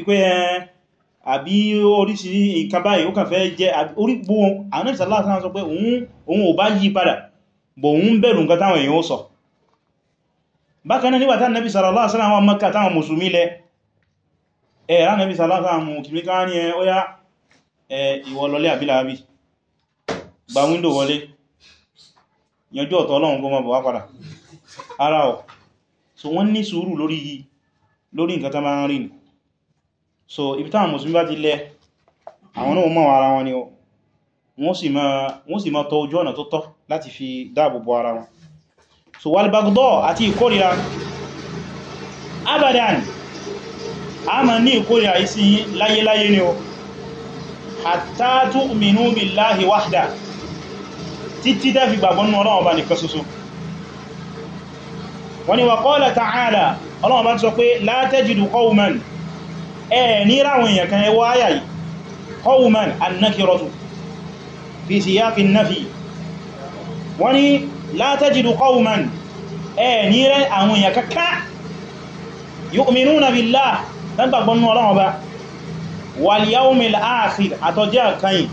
káwọn àbí oríṣìí nǹkan báyìí ó kàn fẹ́ jẹ́ orí gbogbo àwọn ẹ̀sà láàrín sọ pé òun ò bá yí padà bọ̀ òun bẹ̀rù nǹkan táwọn èèyàn ó sọ bákan náà nẹ́bí sallallahu alaihi wasallam Mẹ́kà táwọn mùsùlùmí lẹ ẹ̀rá nẹ́bí sallallahu alaihi wasallam kìí ká ní ọya ìwọ lọlé àbílàábí gba wíńdò wọlé yanjú ọ̀tọ̀ ọlọ́run kó má ni so ibi táwọn musulmi bá ti lẹ àwọn náà mọ̀ ara wọn ni o wọ́n sì máa tọ ojú ọ̀nà tó tọ́ láti fi dáàbò ara wọn so walbagdọ́ àti ìkórira abadan a ma ní ìkórira isi láyéláyé ni o hatta tu'minu billahi wahda títí dáfi gbàgbọ́n nù ọlọ́wọ́ bá nìkan ṣoṣo wọ́n ni wa qala ta'ala ọlọ́wọ́ ẹ̀ ní ráwọn èèyàn kan ẹwọ́ ayà yìí qawman annakiratu fi siyaqi nafi wọ́n ni la tajidu qawman ẹ̀ ní rẹ̀ àwọn èèyàn kaká yu'minuna billah dan gbàgbọ́ nínú Ọlọ́run Ọba wal yawmil akhir àtọ́jẹ́ àkàyìn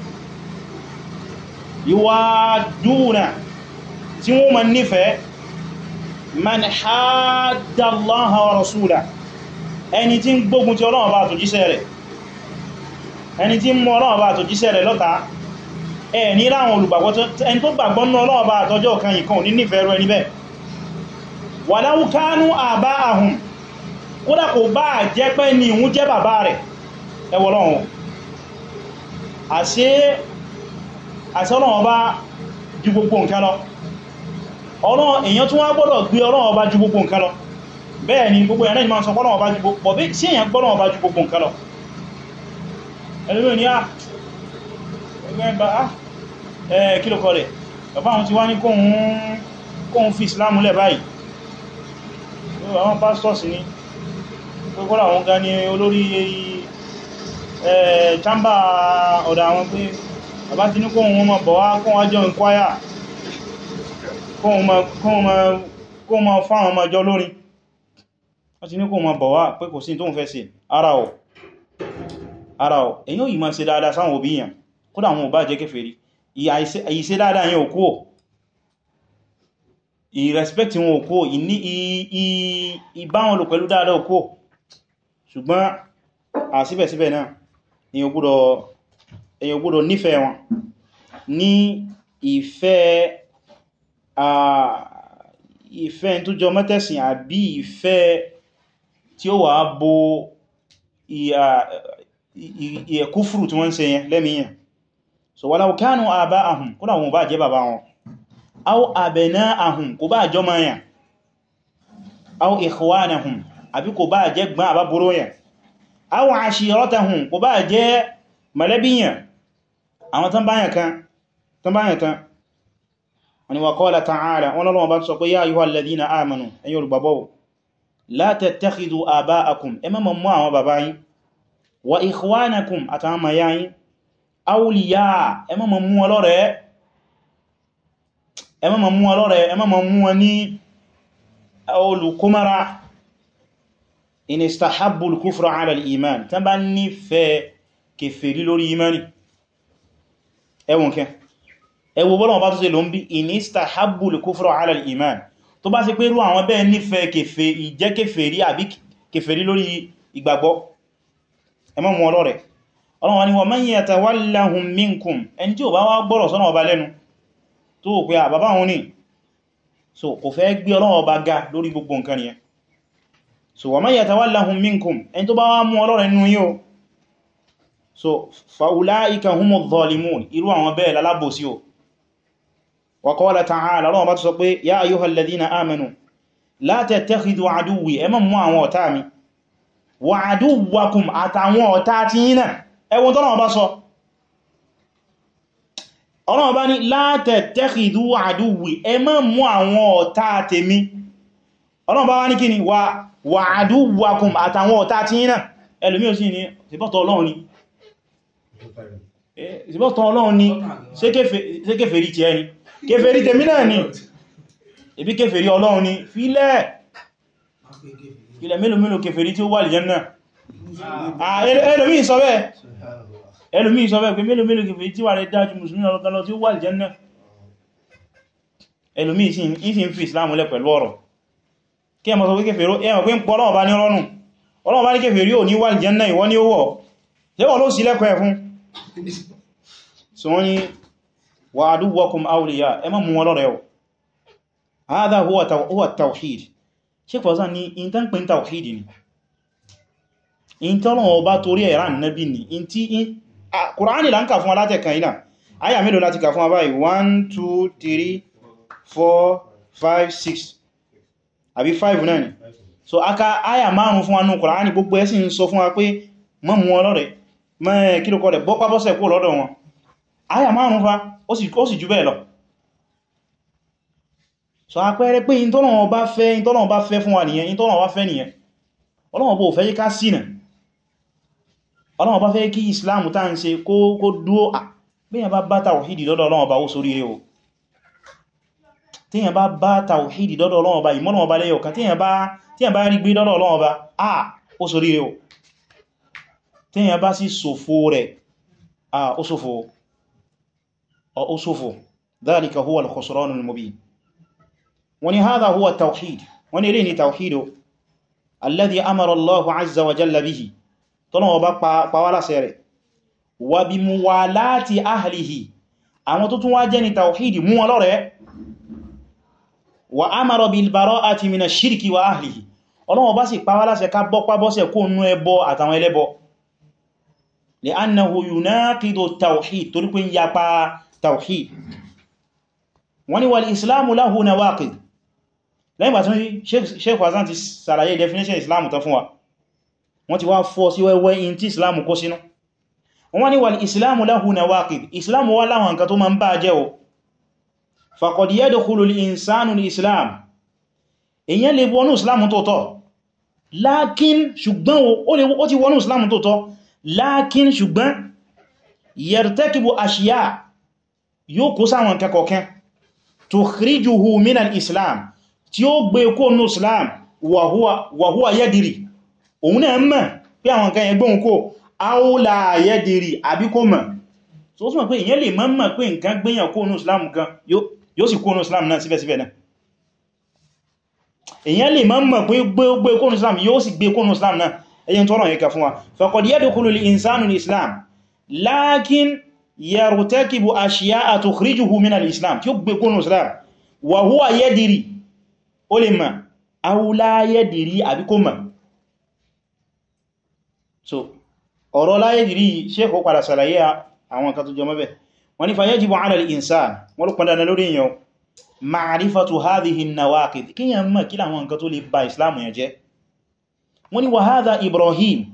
yuwadduna tí wọ́n ma nífẹ̀ẹ́ man hadda Allaha wa ẹni tí ń gbógun ti ọlọ́run bá àtòjíṣẹ́ rẹ̀ ẹni tí ń mú ọlọ́run bá àtòjíṣẹ́ rẹ̀ lọ́ta ẹ ní láwọn olùgbàgbọ́ ẹni tó gbàgbọ́ nú ọlọ́run bá àtọjọ́ kan yìí kan ò ní nífẹ̀ẹ́ rẹ̀ níbẹ̀ walau kanu aba'ahum kódà kò bá jẹ́ pé ní ìhun jẹ́ bàbá rẹ̀ ẹwọ ọlọ́run àṣẹ ọlọ́run ọba ju gbogbo nǹkan lọ ọlọ́run èèyàn tún wá gbọ́dọ̀ gbé ọlọ́run bẹ́ẹ̀ ni gbogbo ẹ̀rẹ́ ìmọ̀ sọ gbọ́nà ọba ju pọ̀ bí sí èyàn gbọ́nà ọba ju gbogbo nǹkan lọ ẹlùmí ni a ah, ẹgbẹ́gbà ah, ẹ̀ kí ló kọ rẹ̀ bàbá àwọn ti wá ní kóhun fi Islam lẹ̀ báyìí àwọn pastors ni gbogbo àwọn ga ni olórí chamber ọ̀dọ̀ àwọn pé bàbá ti ní kóhun wọn mọ̀ bọ̀ wá kóhun wájọ́ inquire kóhun mọ̀ fáwọn ọmọ ọjọ́ lórin wọ́n ti ní kó ma bọ̀ wá pé kò sí tó ń fẹ́ sí ara ọ̀ ara ọ̀ èyàn yìí máa ṣe dáadáa sáwọn òbí yàn kódà àwọn òbá jẹ́ kèfèrí ìṣe dáadáa yẹn òkú ò ìrẹ́spẹ̀tì wọn òkú ò ìní ìbáwọn lò pẹ̀lú dáadáa òkú ò ṣùgbọ́n àsíbẹ̀síbẹ̀ náà èyàn gbọ́dọ̀ nífẹ̀ẹ́ wọn ní ìfẹ́ ìfẹ́ tó jọ mẹ́tẹ̀sìn àbí ìfẹ́ tí ó wà bó ìyẹ̀kúfùrù tí wọ́n ń ṣe yẹn lẹ́mìíyàn so walau kanu aba'ahum kó náà wọn bá jẹ́ bàbá wọn aw abna'ahum kó bá jọ ma yàn aw ikhwanahum àbí kó bá jẹ́ gbọ́n àbábúrò yàn aw ashiratahum kó bá jẹ́ mọ̀lẹ́bíyàn àwọn tán báyàn kan tán bá sọ pé la tattakhidhu aba'akum ẹ má máa mú àwọn bàbá yín wa ikhwanakum àtàwọn ọmọ yá yín awliya ẹ má máa mú wọn lọ́rẹ̀ẹ́ ẹ má máa mú wọn lọ́rẹ̀ẹ́ ẹ má máa mú wọn ní olùkúmára in istahabbu al-kufra 'ala iman tán bá nífẹ̀ẹ́ kèfèrí lórí imani ẹwọ̀n kẹ ẹwọ̀ bọ́lọ̀ bá tó ṣe lọ ń bí in istahabbu al-kufra iman tó bá ṣe pé irú àwọn bẹ́ẹ̀ nífẹ̀ẹ́ kèfè ìjẹ́ kèfèrí àbí kèfèrí lórí ìgbàgbọ́ ẹmọ́ mú ọlọ́rẹ̀ ọlọ́wọ́ ni wa man yatawallahum minkum ẹni tí ò bá wá gbọ́rọ̀ sọ́nà ọba lẹ́nu tó wò pé àbábá òun ni so kò fẹ́ gbé ọlọ́wọ́ ọba ga lórí gbogbo nǹkan nìyẹn so wa man yatawallahum wa qala ta'ala lọ́wọ́ bá tó sọ pé ya ayyuhal ladhina amanu la tattakhidhu aduwwi ẹ má mú àwọn ọ̀tá mi wa aduwwakum àtàwọn ọ̀tá ti yínà ẹwọ́n tọ́nà ọba sọ ọ̀nà ọba ni la tattakhidhu aduwwi ẹ má mú àwọn ọ̀tá tèmi ní kíni wa aduwwakum ọlọ́run ni ìbọ́tọ̀ ọlọ́run eh, ti ẹni kèfèrí tèmi náà ni ibi kèfèrí ọlọ́run ni fílẹ̀ ilẹ̀ mélòó mélòó kèfèrí tí ó wà l'Àlùjánnà ah. ah, ẹlòmí sọ bẹ́ẹ̀ ẹlòmí sọ bẹ́ẹ̀ pé mélòó mélòó kèfèrí tí wà rẹ̀ dájú mùsùlùmí ọlọ́tọ́lọ tí ó wà l'Àlùjánnà ẹlòmí ìsìn fi Islam lẹ pẹ̀lú ọ̀rọ̀ kí ẹ mọ̀ sọ pé kèfèrí ẹmọ̀ pé ń pọ̀ ọlọ́run bá ní rọ́nù ọlọ́run bá wa aduwakum awliya ẹ má mú wọn lọ́rẹ̀ o hadha huwa tawhid Shaykh Fawzān ní in tán pè ń tawhid ni in tọ́lọ̀ ọba torí ẹ̀rà nẹ́bí ni in tí in Kùránì là ń kà fún alátẹ̀kàn ilá ayà mélòó láti kà fún abáyì 1 2 3 4 5 6 5 náà so aka ayà márùn fún anú Kùránì gbogbo ẹ̀ sì ń sọ fún wa pé mọ́ mú wọn lọ́rẹ̀ mẹ́ kílùkọ́ rẹ̀ bọ́pá bọ́sẹ̀ kú lọ́dọ̀ wọn ayà márùn fa ó sì jù bẹ́ẹ̀ lọ so àpẹẹrẹ pé ìtọ́lọ̀wọ̀n bá fẹ́ ìtọ́lọ̀wọ̀n bá fẹ́ fún wa nìyẹn ìtọ́lọ̀wọ̀n bá fẹ́ nìyẹn ọlọ́wọ̀n bó fẹ́ ká sínà ọlọ́wọ̀n bá fẹ́ kí Islam tá ń ṣe kó dúó bíyàn bá bá tàwíìdì lọ́dọ̀ ọlọ́wọ̀n bá ó sórí rẹ̀ o tíyàn bá bá tàwíìdì lọ́dọ̀ ọlọ́wọ̀n bá ìmọ́lọ̀wọ̀n bá lẹ́yọ̀ kan tíyàn bá rí gbé lọ́dọ̀ ọlọ́wọ̀n bá a ó sórí rẹ̀ o tíyàn bá sì sòfò rẹ̀ a ó sòfò وأصفه ذلك هو الخسران المبين ولهذا هو التوحيد ونرين توحيده الذي أمر الله عز وجل به طلعوا بقوالا سيري وبموالات أهله أما تتواجن توحيد موالره wa amara bil bara'ati min ash-shirki wa ahlihi Ọlọ́run bá sì pa wá láṣẹ ká bọ́pá bọ́sẹ̀ kó nú ẹbọ àtàwọn ẹlẹ́bọ li'annahu yunaqidu tawhid torí pé ń yapa tawhid wọ́n ní wal islamu lahu nawaqid lẹ́yìn bàtún sheikh Fawzān ti sàlàyé definition islamu ta fún wa wọ́n ti wá fọ́ sí wẹ́wẹ́ in tí islamu kó sínú wọ́n ní wal islamu lahu nawaqid islamu wá láwọn nǹkan tó ma ń bá jẹ́ o faqad yadkhulu al-insanu al-islam èyàn lè wọnú islamu tó tọ́ lákín ṣùgbọ́n yóò kó sáwọn kẹkọ̀ọ́kẹ́ tukhrijuhu minal islam tí ó gbé e kó nù islam wa huwa yadiri òun náà mọ̀ pé àwọn nǹkan yẹn gbóhun kó aula yadiri àbí kó mọ̀ so ó súnmọ̀ pé ìyẹn lè mọ́ mọ̀ pé nǹkan gbéyàn kó nù islam kan yóò sì kó nù islam náà síbẹ̀síbẹ̀ náà èyàn lè máa mọ̀ pé gbogbo kónú islam yóò sì gbé kónú islam náà ẹ̀yin tọ́rọ̀ yẹ́kẹ̀ fún wa faqad yadkhulu al-insanu al-islam lakin yartakibu ashya'a tukhrijuhu min al-islam tí ó gbé kúrò islam wa huwa yadiri ó lè ma aw la àbí kó ma so ọ̀rọ̀ la yadiri sheikh ó padà sàlàyé àwọn kan tó jọ mọ́bẹ̀ wọ́n ni fa yajibu ala al-insan wọ́n ló pọ̀dá lórí yàn ma'rifatu hadhihi an-nawaqid kí yàn mọ̀ kí láwọn nǹkan tó ba islam yẹn jẹ́ wọ́n wa hadha ibrahim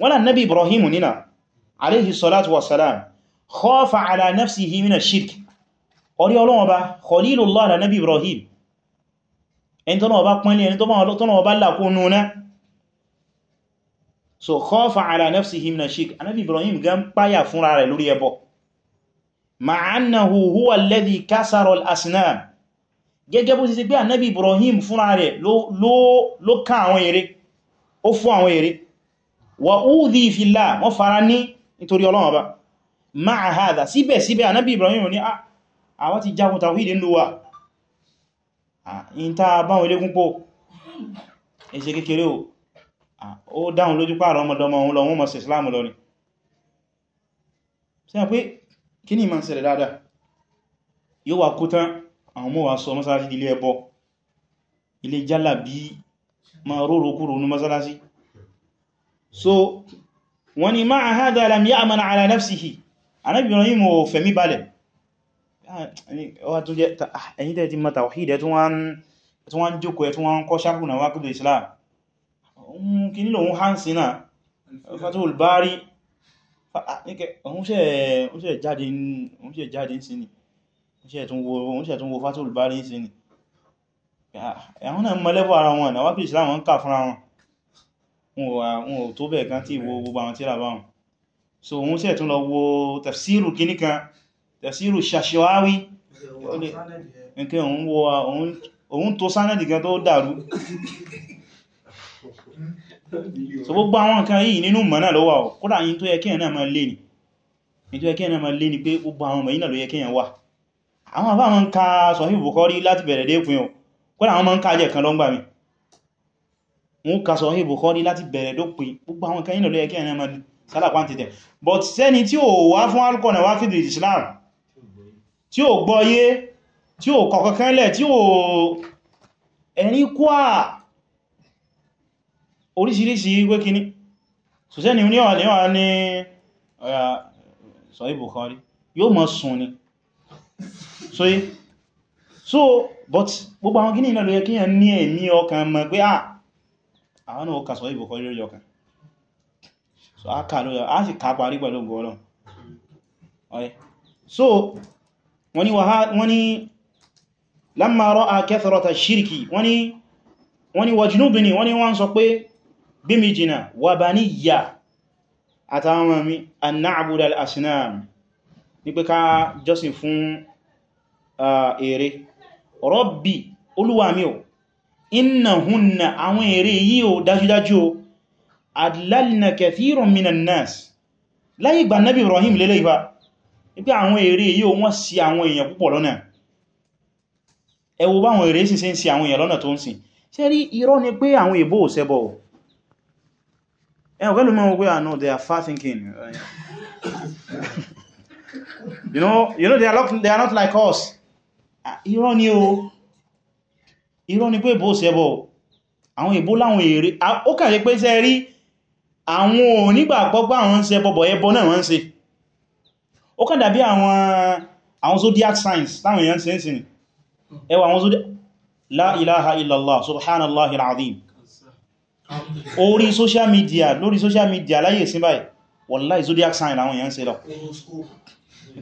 wọ́n lànàbí ibrahim nínà alayhi salatu wassalam khafa ala nafsihi min ash-shirk orí ọlọ́wọ́n bá khalilullah ala nabi ibrahim ẹni tọ́nà ọba pínlẹ̀ ẹni tọ́nà ọba lákónú náà so khafa ala nafsihi min ash-shirk anabi ibrahim gan páyà fúnra rẹ̀ lórí ẹbọ ma'annahu huwa alladhi kasara al-asnam gẹ́gẹ́ bó ti ṣe pé anabi ibrahim fúnra rẹ̀ ló ká àwọn ère ó fún àwọn ère wa udhi fillah fara ní nítorí ọlọ́wọ́n bá ma'a hadha síbẹ̀síbẹ̀ anábì ibrahim ní ah, àwọn ti jagun tawhid ń lówà in ta báwọn ilé gúnpọ̀ ẹ̀ṣẹ̀ kékeré ó dáhùn lójú pààrọ̀ ọmọdọmọ òun lọ wọ́n mọ̀ sí islam lọ ni sí pé kí ni ma ń ṣẹlẹ̀ dáadáa yóò wà so wani ma'a hadha lam ya'man ala nafsihi Ànábì Ibrahim ò fẹ̀mí balẹ̀ ah, ah, ẹ̀yin tẹ́ ti mọ̀ tawhid tí wọ́n ń ẹ̀ tí wọ́n ń kọ́ sáàkùnà wákùnlẹ̀ Islam kí nílò òun hansi náà Fathul Bari ah, òun ṣẹ̀ jáde ń sin ni òun náà mọ́lẹ́bọ̀ ara wọn náà wákùnlẹ̀ Islam ń kà fúnra so òun sẹ̀ tún lọ wo tafsiru kìníkan tafsiru Shashrawi nke òun wo òun tó sánẹ́dì kan tó dàrú so gbogbo àwọn nǹkan yìí nínú mọ̀ náà ló wà ọ̀ kódà yìí tó yẹ kí ẹ̀nà máa lé ni ètò yẹ kí ẹ̀nà máa lé ni pé gbogbo àwọn ọmọ yìí náà ló yẹ kí ẹ̀yàn wà àwọn àbá máa ń ka Sahih Bukhari láti bẹ̀rẹ̀ dé pin o kódà àwọn máa ń ka jẹ́ kan lọ́ngbà mi wọ́n ka Sahih Bukhari láti bẹ̀rẹ̀ dópin gbogbo àwọn kan yìí náà ló yẹ kí ẹ̀yàn máa sálàpá ti but sẹ́ni tí ó wá fún alukọ̀ náà wá fìdí Islam tí ó gbọ́yé tí ó kọ̀kọ̀kẹ́lẹ̀ tí ó ẹ̀rí kwà oríṣiríṣi ìwé kíní so sẹ́ni ní ọ̀lẹ́wà ní sọ Bukhari yóò mọ̀ sùn ni so yí so but gbogbo àwọn kíní ìlàlóyẹ kíyàn ní ẹ̀mí ọkàn mọ̀ pé à ah, àwọn náà ó kà sọ Bukhari ọkàn so a kà lórí a sì ká parí pẹ̀lú ògùn ọlọ́run ọ̀rẹ́ so wọ́n ni wọ́n ni lamma ra'a kathrata shirki wọ́n ni wọ́n ni wajnubni wọ́n ni wọ́n sọ pé bí mi jìnà wa baniyya àtàwọn mi an na'budu al-asnam ní pé ká jọ́sìn fún ère adlalna kathirun minan nas láyé ìgbà nabi ibrahim lélẹ̀ ìbá ipé àwọn ère yíò wọ́n ṣì àwọn èèyàn púpọ̀ lọ́nà ẹ wò báwọn ère sì ṣe ń ṣì àwọn èèyàn lọ́nà tó ń sìn ṣe rí irọ́ ni pé àwọn ìbò ò ah, they are far thinking you know, you know they, are not, they are not like us ah, irọ́ ni o irọ́ ni pé ìbò ṣẹbọ àwọn ìbò láwọn ère ah, ó kàrí pé ṣe rí àwọn onígbàgbọ́ pé àwọn ń ṣe bọ̀bọ̀ ẹbọ náà wọ́n ń ṣe ó kàn dàbí àwọn zodiac signs táwọn èèyàn ṣe ń sìn ẹwà àwọn zodiac la ilaha illallah subhanallah alazim orí social media lórí social media láyé sí báyìí wallahi zodiac sign àwọn èèyàn ṣe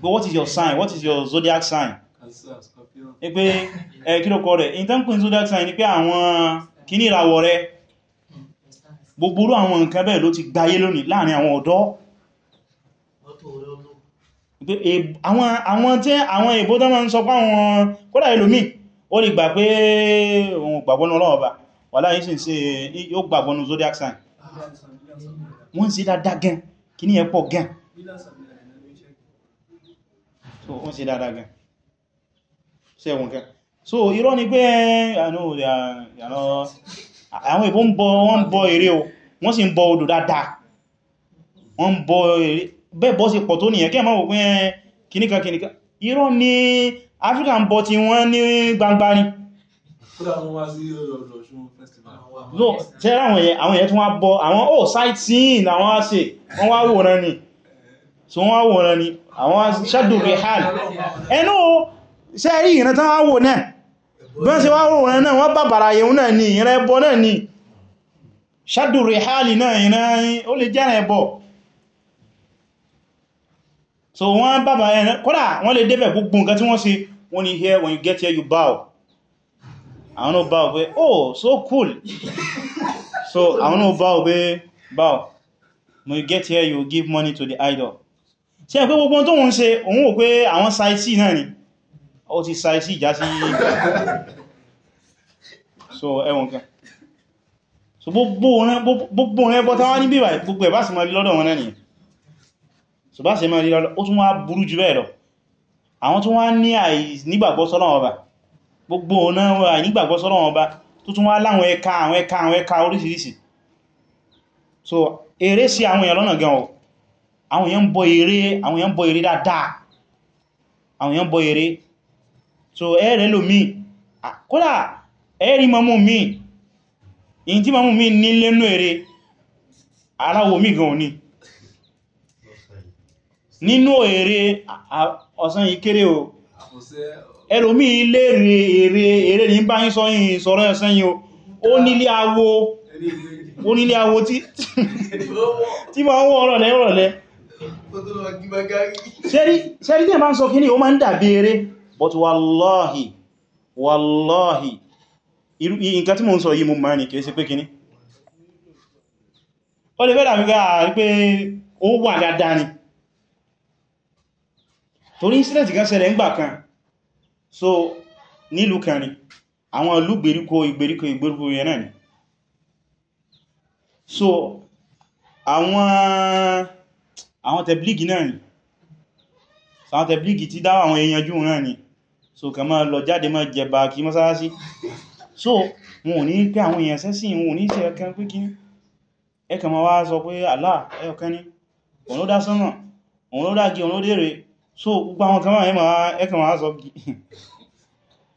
what is your sign what is your zodiac sign pé kí ló kọ rẹ̀ zodiac sign ni pé àwọn kìíní ìràwọ̀ gbogboro àwọn nǹkan bẹ́ẹ̀ ló ti gbáyé lónìí láàrin àwọn ọ̀dọ́ e, àwọn tí àwọn èbó tó máa ń sọ páwọn kódà ẹlòmí ó lè gbà pé òun gbàgbọ́nù ọlọ́wọ́ bá wà láyé sí ṣe yóò gbàgbọ́nù zodiac sign wọ́n sí dáadáa gan kí ní ẹ̀pọ̀ gan so wọ́n sí dáadáa gan sẹ́wọ̀n gan irọ́ ni pé àánú ìyànà àwọn ìbò ń bọ wọ́n bọ èrè o wọ́n sì ń bọ odò dáadáa wọ́n ń bọ èrè bẹ́ẹ̀ bọ́ sí pọ̀ tó nìyẹn kí ẹ̀mọ́ òpin kìníkan kìníkan irọ́ ni Áfíríkà ń bọ tí wọ́n ní gbangba ni àwọn èyẹ tún wá bọ àwọn oh, sightseeing àwọn á ṣe wọ́n wá wòran ni so wọ́n wá wòran ni àwọn ṣẹ́dùn rẹ̀ hàn ẹnú wá wò náà bẹ́ẹ̀ sí wá wòrán náà wọ́n bàbàrà yẹun náà ni ìrìn ẹbọ náà ni ṣádùrí hálì náà ìrìn ó lè jẹ́rìn ẹbọ so wọ́n bàbà ẹ̀rẹ́ kódà wọ́n lè débẹ̀ gbogbo nǹkan tí wọ́n ṣe wọ́n ni here when you get here you bow àwọn náà bow pé oh so cool so àwọn náà bow pé bow when you get here you give money to the idol ṣe pé gbogbo tó wọ́n ṣe òun wò pé àwọn saisi náà ni ó ti sa isi ìjá sí so ẹwọn kan so gbogbo rẹ̀ bọ́ta wá ní bíbà gbogbo ẹ̀bá sì máa rí lọ́dọ̀ wọn náà nìyàn so bá sì máa rí lọ́dọ̀ ó tún wá burú jù bẹ́ẹ̀ lọ àwọn tún wá ní àìnígbàgbọ́ sọ́lọ́wọ́ ọba gbogbo náà àìnígbàgbọ́ sọ́lọ́wọ́ ọba tó tún wá láwọn ẹ̀ka àwọn ẹ̀ka àwọn ẹ̀ka oríṣiríṣi so eré sí àwọn èèyàn lọ́nà gan-an àwọn èèyàn ń bọ eré àwọn èèyàn ń bọ eré dáadáa àwọn èèyàn ń bọ eré so ẹ̀rẹ́ lò mí kódà ẹ̀rí mọ́mú mí in tí mọ́mú mí ní lẹ́nu èrè aláwọ̀ mí gan ní nínú èrè ọ̀sán yìí kéré o ẹlòmí ilé èrè èrè ní bá ń sọ yìí sọ̀rọ̀ ẹ̀sán yìí ó nílé awo ó nílé awo tí ma ń wọ́ ọ̀rọ̀lẹ́ ọ̀rọ̀lẹ́ but wallahi wallahi nǹkan tí mo ń sọ yìí mo máa ní kìí ṣe pé kíní ó lè fẹ́dà wípé àrí pé ó wà dáadáa ni torí incident kan ṣẹlẹ̀ ńgbà kan so nílùú kan ni àwọn ìlú gbèríko ìgbèríko ìgbèríko yẹn náà ni so àwọn àwọn tẹ̀blígì náà ni àwọn tẹ̀blígì ti dáwà àwọn èèyàn jù ni so kàn máa lọ jáde máa jẹba kí mọ́sálásí so wọn ò ní pé àwọn èèyàn sẹ́sìn wọn ò ní ṣe ẹkan pé kí ẹkàn máa wá sọ pé Allah ẹ̀ọ̀kan ni òun ló dá sánmà òun ló dá gí òun ló dèrè so gbogbo àwọn kan máa ẹkàn máa sọ gí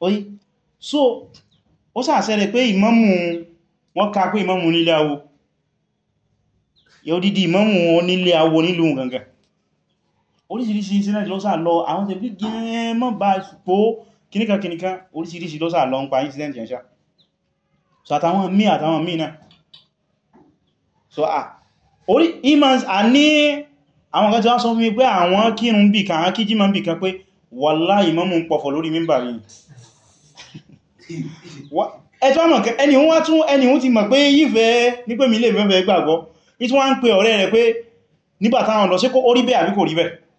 oyi so ó sàṣẹ́lẹ̀ pé ìmámù wọ́n ká pé ìmámù nílé awo yóò dídí ìmámù wọn nílé awo nílùú gangan oríṣiríṣi iṣẹ́ náà lọ́sà lọ àwọn tẹ̀bí gẹ́ẹ̀ẹ́ mọ́ bá tó kìníkan kìníkan oríṣiríṣi lọ́sà lọ ń pa incident yẹn so àtàwọn mí àtàwọn mí náà so à orí imans a ní àwọn kan tí wọ́n sọ fún mi pé àwọn kírun bì kan àwọn kíjí máa ń bì kan pé wallahi ìmọ́mù ń pọ̀fọ̀ lórí mímbà rí ẹ̀tọ́ àmọ̀ ẹni wọ́n wá tún ẹni wọ́n ti mọ̀ pé yífẹ́ ní pé mi lè mẹ́fẹ́ sí kó orí bẹ́ẹ̀ àbí rí bẹ́ẹ̀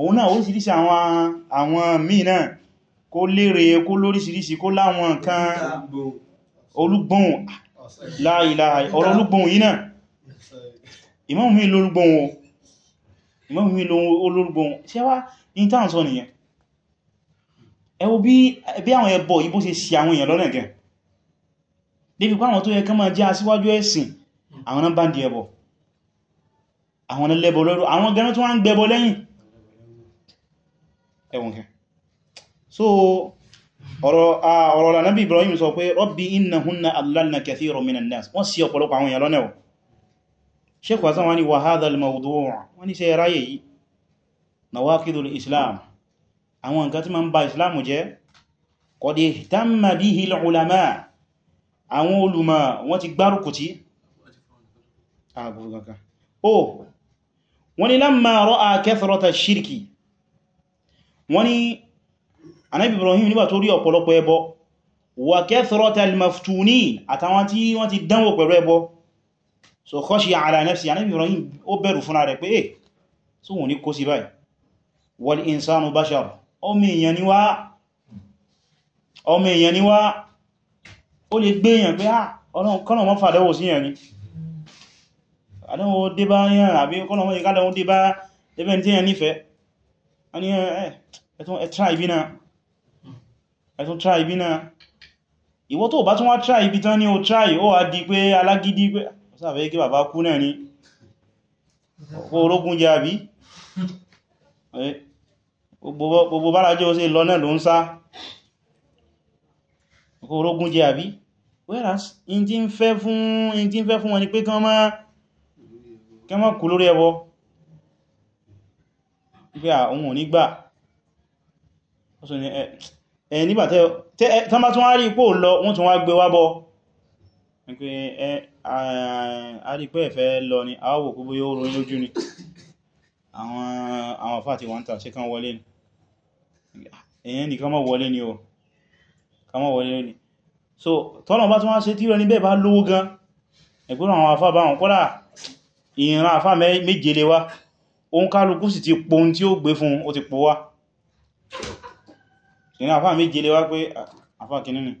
òun náà oríṣiríṣi àwọn àwọn míì kó lérè kó lóríṣiríṣi kó láwọn nǹkan olúgbóhùn láìlà ọ̀rọ̀ olúgbóhùn yìí náà ìmáàmù mi o ìmáàmù mi lórúgbóhùn in tán sọ nìyẹn ẹ bí àwọn ẹbọ yìí bó ṣe àwọn èèyàn lọ́nà gẹn débi pé tó yẹ kán máa jẹ́ aṣíwájú ẹ̀sìn àwọn náà bá ń di ẹbọ àwọn náà lọ́rọ̀ àwọn gẹ́rẹ́ tó wá ń gbẹbọ lẹ́yìn ẹwùn kẹ so ọ̀rọ̀ lànàbí Ibrahim sọ pé Rabbi innahunna adlalna kathiran minan nas wọ́n sí ọ̀pọ̀lọpọ̀ àwọn èèyàn lọ́nà ẹ̀wọ̀ Sheikh Hasan wani wa hadha al-mawdu' wọ́n ni ṣe ráyè yìí nawaqidul Islam àwọn nǹkan tí ma ń ba Islam jẹ́ qad ihtamma bihi al wọ́n ní anábi ibrahim nígbà tó rí ọ̀pọ̀lọpọ̀ ẹbọ wà kathratal maftunin àtàwọn tí wọ́n ti dánwò pẹ̀lú ẹbọ so khashiya ala nafsi anábi ibrahim ó bẹ̀rù fúnra rẹ̀ pé eh so wọ́n ní kó sí báyìí wal insanu bashar ọmọ èèyàn ni wá ó lè gbé èèyàn pé ah, ọlọ́run kọ́nà wọ́n fàdẹ́wò sí èèyàn ni àdẹ́wò a ní eh, eh, ẹ try ibi náà ẹ tún try ibi náà ìwọ tó bá tún wá try ibi tán ní o try ó a di pé alágídí pé ọ̀sáfẹ́ kí bàbá kú náà ní ọkọ̀ orógún jẹ àbí eh, gbogbo bára jẹ́ ó sí lọ náà ló ń sá ọkọ̀ orógún jẹ àbí whereas in ti ń fẹ́ fún wọn ni pé kán má kú lórí ẹbọ pé àwọn onígbà ẹ̀ nígbà tán bá tún wá rí ipò lọ wọ́n tún wá gbé wá bọ́ pé ẹ àrí ẹ̀fẹ́ lọ ni àwọ̀ kúgbó yóò ròyìn lójú ni àwọn àfáà ti wọ́n tà ṣe wọlé ni èyàn ni kánmọ̀ wọlé ni o kánmọ̀ wọlé ni so tọ́nà bá tún wá ṣe tí rẹ níbẹ̀ bá lówó gan ẹgbẹ́rún àwọn àfáà báwọn kọ́lá ìran àfáà méje wá òun kálukú sì ti po ohun tí ó gbé fún ó ti po wá ìrìn àfá méje lé wá pé ah, àfá kìíní ni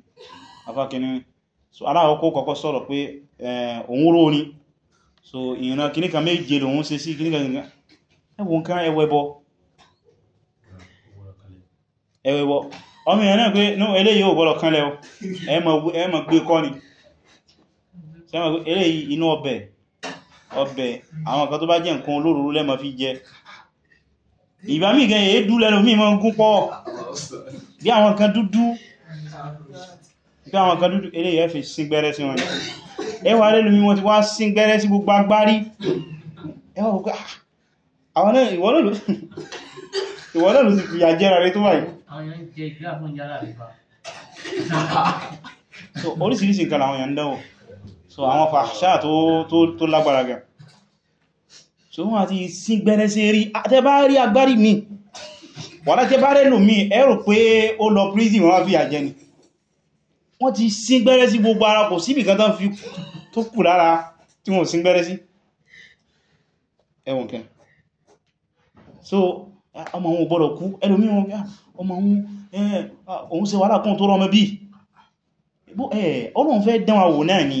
àfá kìíní ni so aláwọ̀kọ́ kọ́kọ́ sọ̀rọ̀ pé òun rò ní so ìrìnà kìíní kan méje lòun ṣe sí kìíní kan ẹwọ kan ọbẹ̀ àwọn kan tó bá jẹ́ nǹkan olóróró lẹ́mọ̀ fi jẹ ìbá mí gan èédú lẹ́nu mí mọ́ gún pọ̀ bí àwọn kan dúdú bí àwọn kan dúdú eléyìí ẹ fi sín gbẹ́rẹ́ sí wọn ẹwà lẹ́nu mi wọ́n ti wá sín gbẹ́rẹ́ sí gbogbo agbárí ẹwà gbogbo ah, àwọn náà ìwọ́lọ́lù ti fìyà so àwọn fàṣà tó lágbára gan so wọ́n àti sí gbẹ́rẹ́ sí rí àtẹ́bá rí agbárí mi wọ́n láti bá rẹ̀ lòmí ẹ̀rù pé ó lọ prison wọ́n fi àjẹ́ ni wọ́n ti sí gbẹ́rẹ́ sí gbogbo ara kò síbì kan tó kù lára tí wọ́n sí gbẹ́rẹ́ sí ẹwọ̀n kẹ so ọmọ òun gbọ́dọ̀ kú ẹlòmí wọn ah, ọmọ òun ṣe wàhálà kan tó rọmọ bí ọlọ́run fẹ́ dánwà wò náà ni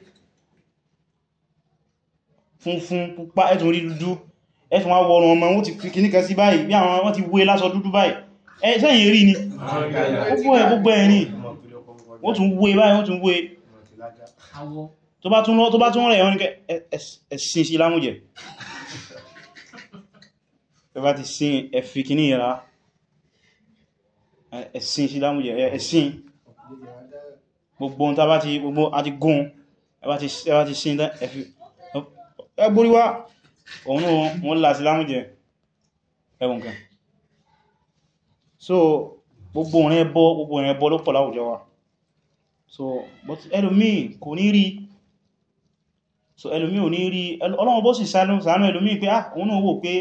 funfun pupa ẹ̀tùn orí dúdú ẹ̀tùn àwọ̀ ọ̀rùn ọmọ wọ́n ti kìíní kan sí báyìí bí àwọn wọ́n ti wé lásọ dúdú báyìí sẹ́yìn rí ni gbogbo ẹ̀ gbogbo ẹ̀ ni wọ́n tún wé báyìí wọ́n tún wé tó bá tún rẹ̀ wọ́n ní ẹ̀sìn sí lámújẹ̀ ẹ̀bá ti sin ẹ̀fì kìíní ìra ẹ̀sìn sí lámújẹ̀ ẹ̀sìn gbogbo ohun tàbá ti gbogbo àti gún ẹ̀bá ti sin ẹ̀fì ẹgbúríwá òun wọ́n láti lámújẹ ẹwùn kan so gbogbo òrin ẹbọ gbogbo òrin ẹbọ ló pọ̀ láwùjọ wa so but ẹlòmíì kò ní rí so ẹlòmíì ò ní rí ọlọ́run bó sì sánú ẹlòmíì pé ah òun náà wò pé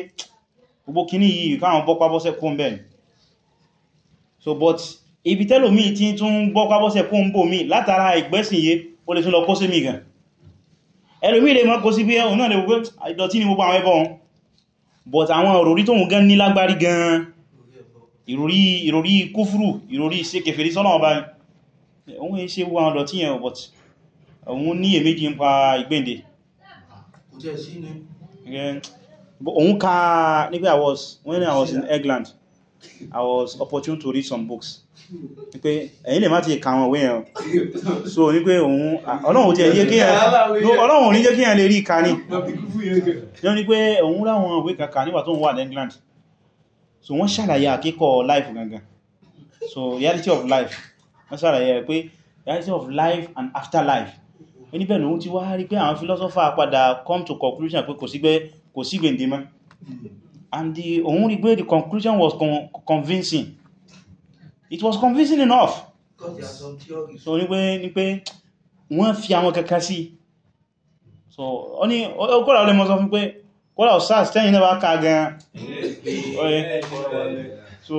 gbogbo kíní yìí káwọn bọ́pá bọ́sẹ̀ kún bẹ́ẹ̀ so but ibi tẹ́lòmíì tí tún bọ́pá bọ́sẹ̀ kún bò mí látara ìgbẹ́sìn yé ó lè tún lọ kó sí mi gan ẹlòmí lè mọ́ kó sí pé ẹ̀hùn náà lè gbogbo ìdọ̀tí ni gbogbo àwọn ẹbọ wọn but àwọn òròrí tóhun gan ní lágbárí gan ìròrí kúfúrù ìròrí ṣe kèfèrí sọ́nà ọba òun è ṣe gbogbo àwọn ìdọ̀tí yẹn but òun ní èméjì ń pa ìgbéǹde òun ka nígbé I was when I was in England I was opportune to read some books pé ẹ̀yin lè má ti kà wọn wéyàn so ní pé òun ọlọ́run tí ẹ̀yẹ́ kíyàn ọlọ́run ní jẹ́ kíyàn lè rí ìka ní yọ́ ní pé òun láwọn òwe kàkà nígbà tó ń wà ní England so wọ́n ṣàlàyé àkíkọ́ life gangan so reality of life wọ́n ṣàlàyé pé reality of life and afterlife oníbẹ̀ lòun ti wá rí pé àwọn philosopher padà come to conclusion pé kò sí gbẹ̀ǹdé mọ́ and the only way the conclusion was con convincing it was convincing enough so ní pé ní pé wọ́n fi àwọn kẹka sí so ó ní ọkọ́lá So mọ́ sọ fún pé kọ́lá ọ̀sáàs tẹ́yìn náà bá ká gan ọ̀yẹ́ so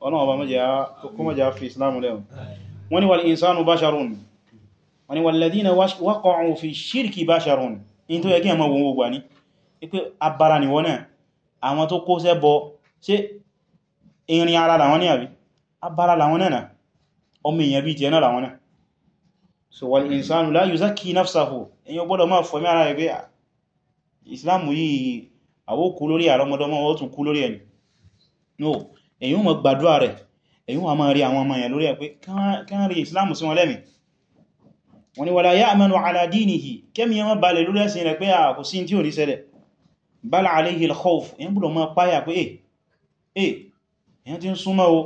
ọ̀nà ọba mọ́já fi islamu lẹ́wọ̀n wọ́n ní wal insanu basharun wọ́n ní walladhina waqa'u fi shirki basharun in tó yẹ kí ẹmọ wọn gbogbo ní abara ni wọ́n náà àwọn tó kó sẹ́bọ ṣe irin ara làwọn ní àbí abára làwọn náà ọmọ èèyàn bí jẹ́ náà làwọn náà so wal insanu la yuzakki nafsahu èyàn gbọ́dọ̀ máa fọ̀mí ara rẹ̀ pé ìsìláàmù ah, yìí àwó kú lórí àrọmọdọ́mọ́ ó tún kú lórí ẹni no èyàn mọ̀ gbàdúrà rẹ̀ èyàn wà máa rí àwọn ọmọ èèyàn lórí ẹ̀ pé kán rí ìsìláàmù sí wọn lẹ́mì wọ́n ni wala bala alayhi al-khawf èyàn gbọ́dọ̀ máa páyà pé eh, eh èyàn ti ń súnmọ́ o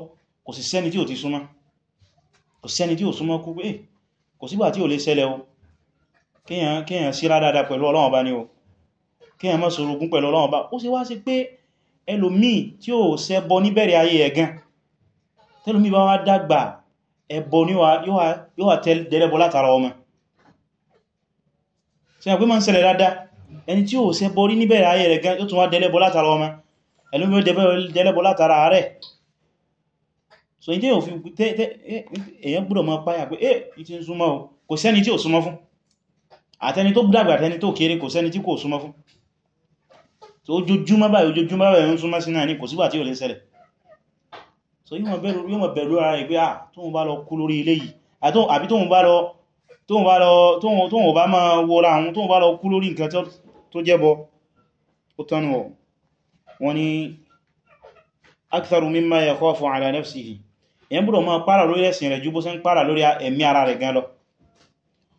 kò sì sẹ́ni tí ò ti súnmọ́ kò sẹ́ni tí ò súnmọ́ kú pé eh, kò sígbà tí ò lè ṣẹlẹ̀ o kíyàn síra dáadáa pẹ̀lú Ọlọ́run Ọba ni o kíyàn má sorogún pẹ̀lú Ọlọ́run Ọba ó sì wá sí pé ẹlòmíì tí ó ṣẹbọ níbẹ̀rẹ̀ ayé ẹ̀gán tẹ́lòmíì bá wá dàgbà ẹbọ yóò tẹ́lẹ̀bọ látara ọmọ ẹni tí ó ṣẹbọ rí níbẹ̀rẹ̀ ayé rẹ̀ gan tó tún wá dẹ́lẹ́bọ látara ọmọ ẹlòmí ó dẹ́lẹ́bọ látara rẹ̀ so ìdí èyàn gbọ́dọ̀ máa páyà eh ìtí ń súnmọ́ o kò sẹ́ni tí ò súnmọ́ fún àtẹni tó dàgbà àtẹni tó kéré kò sẹ́ni tí kò so ojoojúmọ́ báyìí ojoojúmọ́ báyìí ń súnmọ́ sí náà ní kò tí ò lè ṣẹlẹ̀ so yíò mọ̀ bẹ̀rù ara rẹ̀ pé à ah, tóun bá lọ kú lórí ilé yìí àbí tóun bá lọ tóun bá lọ tóun bá máa wọra àwọn tóun bá lọ kú lórí nǹkan tó jẹ́bọ ó tánú ọ̀ wọ́n ni aktharu mimma yakhafu ala nafsihi èyàn búrọ̀ máa pààrà lórí ẹ̀sìn rẹ̀ ju bó ṣe ń pààrà lórí ẹ̀mí ara rẹ̀ gan lọ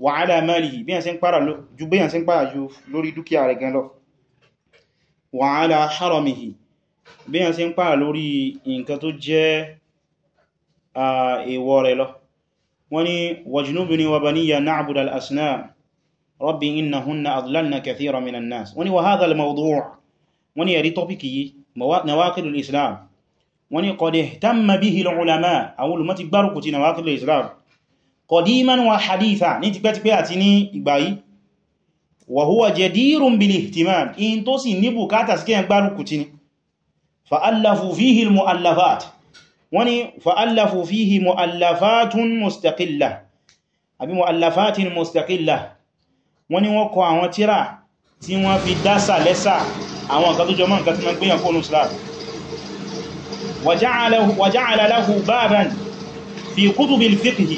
wa ala malihi bí yàn ṣe ń pààrà ju bí yàn ṣe ń pààrà ju lórí dúkìá rẹ̀ gan lọ wa ala haramihi bí yàn ṣe ń pààrà lórí nǹkan tó jẹ́ èèwọ̀ rẹ̀ lọ wọ́n ni wajnubni wa baniya na'budal asnam rabbi innahunna adlalna kathira minan nas wọ́n ní wa hadha al-mawdu' wọ́n ní ẹ̀rí tọ́pìkì yìí nawaqid al-islam wọ́n ní qad ihtamma bihi al-ulama àwọn olùmọ̀ ti gbárùkù ti nawaqid al-islam qadiman wa haditha ní tipẹ́tipẹ́ àti ní ìgbà yìí wa huwa jadirun bil ihtimam in tó sì ní bùkátà sí kẹ́yàn gbárùkù ti ni fa'allafu fihi muallafat wọ́n ní fa'allafu fihi mu'allafatun mustaqillah àbí mu'allafatin mustaqillah wọ́n ní wọ́n kọ àwọn tírà tí wọ́n fi dásà lẹ́sà àwọn nǹkan tó jọmọ́ nǹkan tí wọ́n gbìyàn kónú islam wa ja'ala lahu baban fi kutubil fiqhi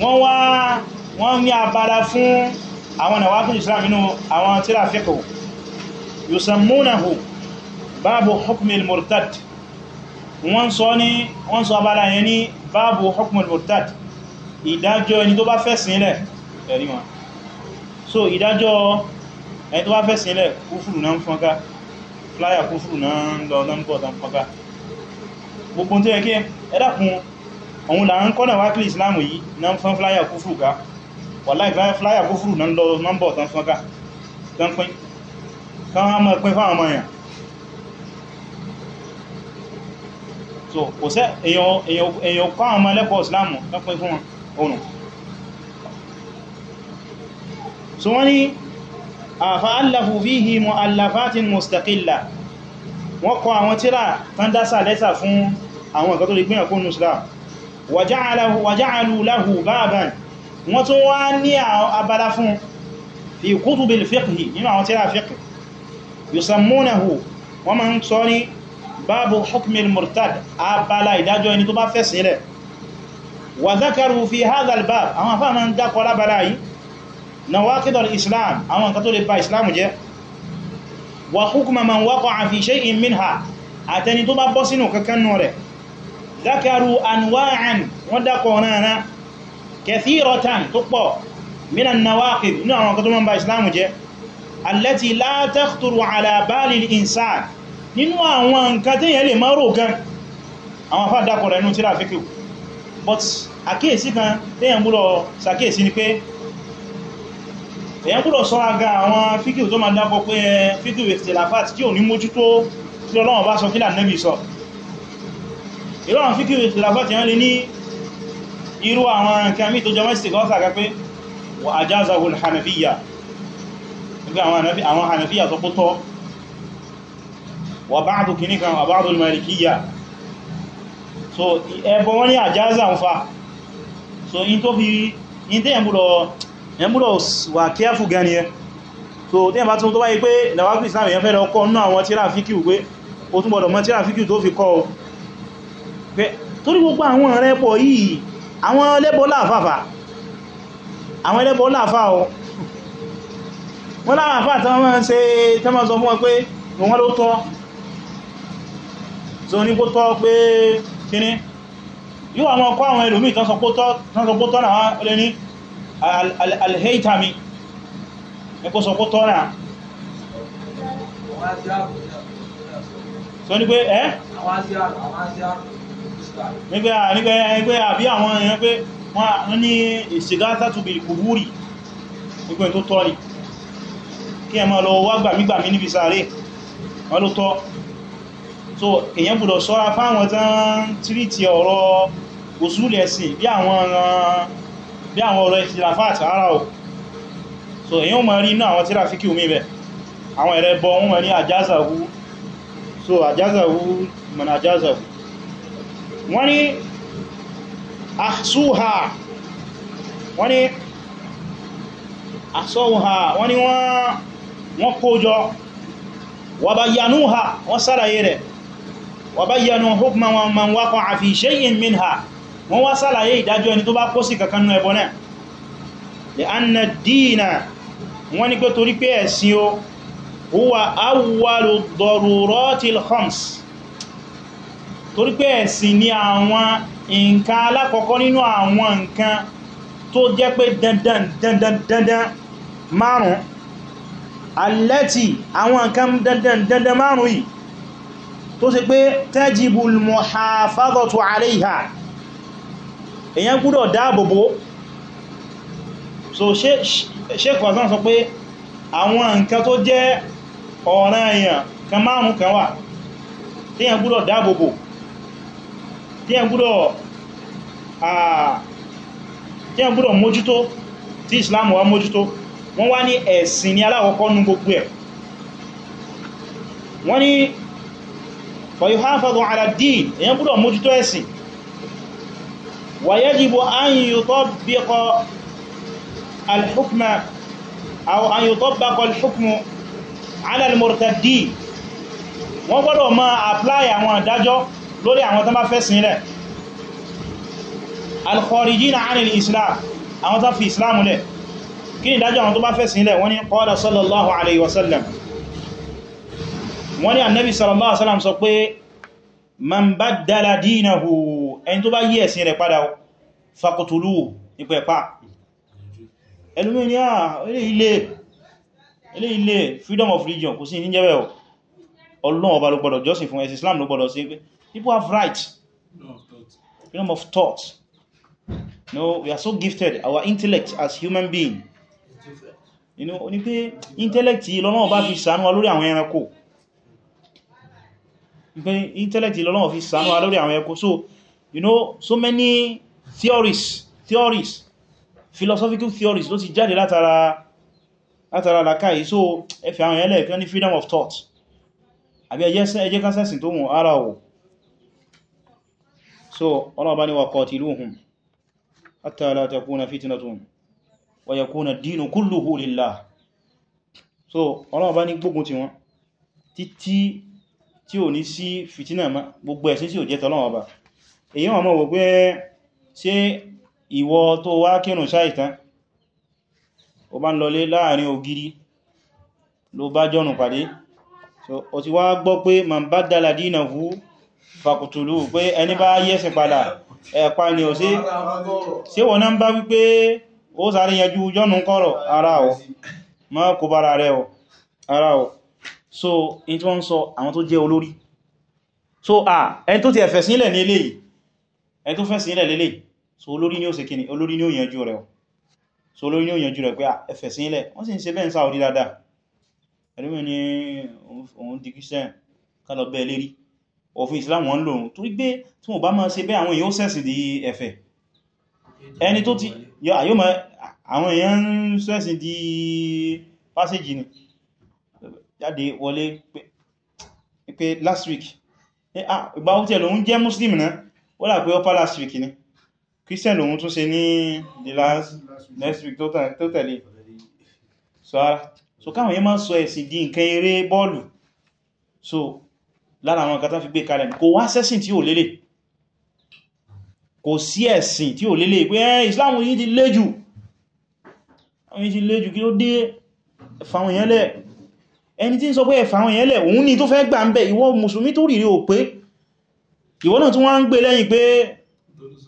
wọ́n wá wọ́n ní abala fún àwọn ìdájọ́ ẹni tó bá fẹ̀sìn lẹ̀ ẹ̀rí wọn so ìdájọ́ ẹni tó wá fẹ́ sílẹ̀ kúfùrù náà ń fọ́nká fláyà kúfùrù náà ń lọ lọ́nbọ̀ tán fọ́nká gbogbo tó yẹ kí ẹ̀dàkùn òun là ń kọ́nà wákìlì ìsìláàmù yìí náà ń fọ́n fláyà kúfùrù ká wàláì fláyà kúfùrù náà ń lọ lọ́nbọ̀ tán fọ́nká tán pín so kò sẹ́ èèyàn kọ́ àwọn ọmọ ẹlẹ́kọ̀ọ́ ìsìláàmù tán pín fún so wọ́n ni fa'allafu fihi mu'allafatin mustaqilla wọ́n kọ àwọn tírà tán dásà lẹ́sà fún àwọn ǹkan tó lè gbìyànkú nùsùlá wa ja'alu lahu baban wọ́n tó wá ní abala fún fi kutubil fiqhi nínú àwọn tírà fiqhi yusammunahu wọ́n ma ń sọ ní babu hukmil murtad abala ìdájọ́ ẹni tó bá fẹ́ sílẹ̀ wa dhakaru fi hadha àwọn afẹ́ ma ń dákọ lábala yìí nawaqidul islam àwọn nǹkan tó lè ba islam jẹ́ wa hukma man waqa'a fi shay'in minha àtẹni tó bá bọ́ sínú kankan nù rẹ̀ zakaru anwa'an wọ́n dákọ̀ náà kathiratan tó pọ̀ minan nawaqid ní àwọn nǹkan tó mọ́ ba islam jẹ́ allati la but àkíyèsí kan tí yẹn múlọ sàkíyèsí ni pé èyàn gbọ́dọ̀ sọ aga àwọn fíkìl tó máa dákọ pé fíkìl ìtìlàfàt tí ò ní mójútó tí Ọlọ́run bá sọ kí lànẹ́bì sọ ìrọ̀rùn fíkìl ìtìlàfàt yẹn lè ní irú àwọn nǹkan mí tó jọmọ́ ìsìnkọ́sà ká pé wà ajázahu hanafiya àwọn hanafiya tó so ẹbọ wọ́n ní àjáza so in tó fi in tẹ́yàn yẹn múlọ̀ wà kíáfù gan ni ẹ so tí ẹ bá tún tó báyé pé lẹ́wàkú islam yẹn fẹ́ lọ kọ́ nínú àwọn tíra fíkíù pé o tún gbọ́dọ̀ mọ̀ tíra fíkíù tó fi kọ́ o pé torí gbogbo àwọn ẹlẹ́bọ yìí àwọn ẹlẹ́bọ láàfàfà àwọn ẹlẹ́bọ láàfà o wọ́n láàfà tán máa ń ṣe tán máa sọ fún wọn pé wọ́n ló tọ́ so ní kó tọ́ pé kíní yóò àwọn ọkọ̀ àwọn ẹlòmíì tán sọ pó tọ́ náà wọ́n lé ní al-haytami kó sọ kó tọ́nà so ní pé ẹ́ nígbé àbí àwọn èèyàn pé wọ́n ní ìṣẹ́gáta tó bèèrè nígbé tó tọ́ ni kí ẹ máa lọ wá gbàmígbàmí níbi sàárè wọ́n ló tọ́ so èèyàn gbọ́dọ̀ ṣọ́ra fáwọn tán tírítì ọ̀rọ̀ òsúlẹ̀ sí bí àwọn bí àwọn ọ̀rọ̀ ìtìlàfáà àti ara ò so èyí o ma rí inú àwọn tíra fíkí omi bẹ̀ àwọn ẹ̀rẹ́ bọ wọ́n ma ní àjázahu so àjázahu mọ̀nà àjázahu wọ́n ní àṣúhà wọ́n ní àṣọ́hà wọ́n ní wọ́n kójọ wàbáyanúhà wọ́n sára yẹrẹ wàbáyanú hukman man waqa'a fi shay'in minha wọ́n wá sàlàyé ìdájọ́ ẹni tó bá kó sí kankan nú ẹbọ náà lè anna dìínà wọ́n ní pé torí pé ẹ̀sìn o huwa awwalu daruratil khams torí pé ẹ̀sìn ni àwọn nǹkan alákọ̀ọ́kọ́ nínú àwọn nǹkan tó jẹ́ pé dandan dandan dandan márùn alẹ́tì àwọn nǹkan dandan èyàn gúrò dáàbòbò so sheik wazan pé àwọn nǹkan tó jẹ́ ọ̀ràn èyàn kan márùn kan wà tíyàn gúrò dáàbòbò tíyàn gbúdọ̀ tíyàn mójútó tí Islam wá mójútó wọ́n wá ní ẹ̀sìn ní aláwọ̀kọ́ nú gbogbo ẹ̀ wọ́n ẹ̀sìn ويجب أن يطبق الحكم أو أن يطبق الحكم على المرتدين wọ́n gbọ́dọ̀ máa apply àwọn àdájọ́ lórí àwọn tó bá fẹ́ sílẹ̀ al-kharijina 'anil islam àwọn tó fi islam lẹ̀ kí ni ìdájọ́ àwọn tó bá fẹ́ sílẹ̀ wọ́n ni qala sallallahu alaihi wasallam wọ́n ni annabi sallallahu alaihi wasallam sọ pé man baddala dinahu ẹni tó bá yí ẹ̀sìn rẹ̀ padà fakotolú nípa ẹ̀pá ẹlùmí ní ilé ah, ilé freedom of religion kò sí ní jẹ́bẹ̀ ọlọ́run ọba ló gbọ́dọ̀ jọ́sìn fún ẹ̀sìn Islam ló gbọ́dọ̀ sí pé people have right. freedom of thought no we are so gifted our intellect as human being you know ní pé intellect yìí lọ́nà ọba fi ṣàánú wa lórí àwọn ẹranko pe intellect yìí lọ́nà fi ṣàánú wa lórí àwọn ẹranko so you know so many theories theories philosophical theories ló ti jáde látara látara làkàí so ẹfẹ́ àwọn ẹlẹ́ ẹ̀kẹ́ ní freedom of thought àbí ẹjẹ́ kánsẹ́sìn tó mọ̀ ara ò so ọlọ́ọ̀bá ni wa qatiluhum hatta la takuna fitnatun wa yakuna ad-dinu kulluhu lillah so ọlọ́ọ̀bá ní gbógun ti wọn títí tí ò ní sí fìtínà gbogbo ẹ̀sìn tí ò jẹ́ tọ́lọ́wọ́ bá èyàn ọmọ wò pé ṣe ìwọ tó wá kírùn ṣáìtán o bá ń lọlé láàrin ògiri ló bá jọnù pàdé o ti wá gbọ́ pé man badala dinahu faqtulu pé ẹni bá yẹ́sìn padà ẹ̀pa ni ò sí ṣe wọ́n náà ń bá wípé ó sáré yẹjú jọnù kọ́rọ̀ ara ọ̀ má kó bára rẹ̀ ara ọ̀ so in tí wọ́n sọ àwọn tó jẹ́ olórí so a ẹni tó ti ẹ̀fẹ̀ sílẹ̀ ní eléyìí ẹ tó fẹ̀sìn ilẹ̀ lélẹ̀ so olórí ní ó ṣe kíni olórí ní ó yanjú rẹ̀ so olórí ní ó yanjú rẹ̀ pé ah, ẹ fẹ̀sìn ilẹ̀ wọ́n sì ń ṣe bẹ́ẹ̀ ń Saudi dáadáa ẹ̀lúmí ni òun di christian kálọ bẹ́ẹ̀ lérí òfin Islam wọ́n lòun tó gbé tí wọ́n bá máa ṣe bẹ́ẹ̀ àwọn èèyàn ó ṣẹ̀sìn di ẹ̀fẹ̀ ẹni tó ti yọ àyọ́mọ̀ àwọn èèyàn ń ṣẹ̀sìn di pásíjì ni jáde wọlé pé last week ah, ìgbà ó tẹ̀ lòun jẹ́ muslim náà ó là pé upper last week ni christian lòun tún ṣe ní the last next week tó tẹ̀lé so ara so káwọn yẹn máa sọ ẹ̀sìn di nǹkan eré bọ́ọ̀lù so lára àwọn nǹkan tán fi gbé kalẹ̀ kò wá sẹ́sìn tí ò lélẹ̀ kò sí ẹ̀sìn tí ò lélẹ̀ pé ẹ́ eh, islam yìí ti léjù àwọn yìí ti léjù kí ó dé fàwọn èèyàn lẹ̀ ẹni tí ń sọ pé ẹ̀fàwọn èèyàn lẹ̀ òun ni tó fẹ́ gbà ń bẹ̀ ìwọ mùsùlùmí tó rìrí ò pé ìwọ náà tí wọ́n ń gbé lẹ́yìn pé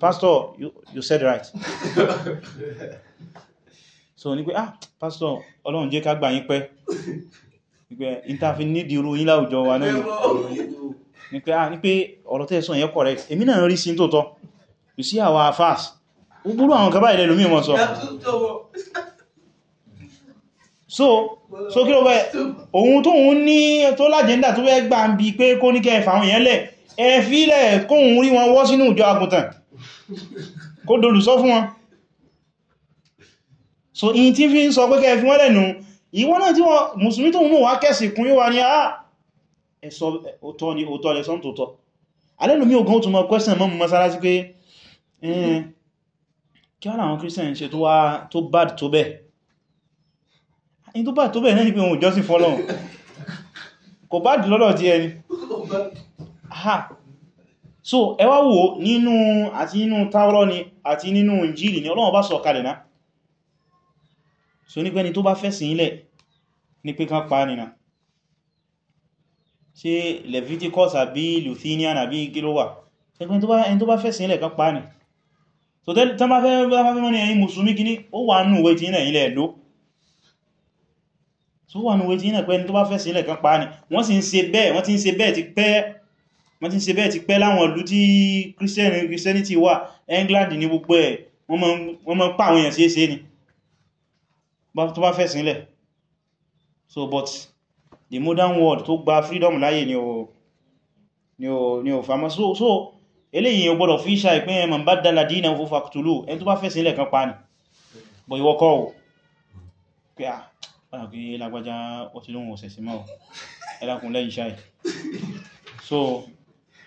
pastor you, you said right so ní pé ah pastor ọlọ́run jẹ́ ká gbà yín pẹ́ nígbẹ́ interfin nídi irú yín láwùjọ wa náà ní pé ah ní pé ọ̀rọ̀ tẹ́ sọ yẹn correct èmi náà rí sí tó you see our affairs gbogbo àwọn kaba ilẹ̀ lómi wọn sọ so so kí ló bẹ́ ohun tó ń ní tó lájẹ́ndà tó bẹ́ gbà ń bi pé kó ní kẹfà àwọn èèyàn lẹ̀ ẹ fílẹ̀ kóhun rí wọn wọ́ sínú ìjọ àgùntàn kó dolùsọ́ fún wọn so in tí fi ń sọ pé kẹ́ fi wọ́n lẹ́nu ìwọ́n náà tí wọ́n mùsùlùmí tó mú wá kẹ́sì kún yíwa ní àá ẹ̀sọ́ òtọ́ ni òtọ́ lẹ́sọ́ tòótọ́ alẹ́lùmí ogun tó mọ́ kwẹ́sàn mọ́ mọ́sálásí pé kí wọ́n àwọn christian ṣe tó bad tó bẹ́ in tó bad tó bẹ́ náà ni pé òun ìjọsìn fọ́lọ́run kò ha so ẹ wá nínú àti nínú Tawrah ni àti nínú ni Ọlọ́run bá sọ kalẹ̀ so ní ni tó bá fẹ́sìn ilẹ̀ ní pé pa nìna ṣe Leviticus àbí àbí tó bá ilẹ̀ ká pa nì bá fẹ́ mọ́ ní ẹ̀yin mùsùlùmí wà nù wé tí ilẹ̀ ilẹ̀ wà nù ẹni tó bá fẹ́sìn ilẹ̀ ká pa nì wọ́n sì ń se bẹ́ẹ̀ wọ́n ti ń ṣe bẹ́ẹ̀ ti pẹ́ láwọn ìlú tí christianity wà England ní gbogbo ẹ̀ wọ́n mọ́ pa àwọn èèyàn sí èsè ni tó bá fẹ́ sílẹ̀ so but the modern world tó gba freedom láyé ni o ni o fama so so eléyìí o gbọ́dọ̀ fi ṣà ìpín ẹmọ̀ bá dala dínà fún fàkùtùlù ẹni tó bá fẹ́ sílẹ̀ kan pa ni bọ̀ ìwọ́kọ́ o pé à ah, ọ̀nà pé lágbàjá ó ti lóhun ọ̀sẹ̀ sí mọ́ ẹlákùn lẹ́yìn ṣáì so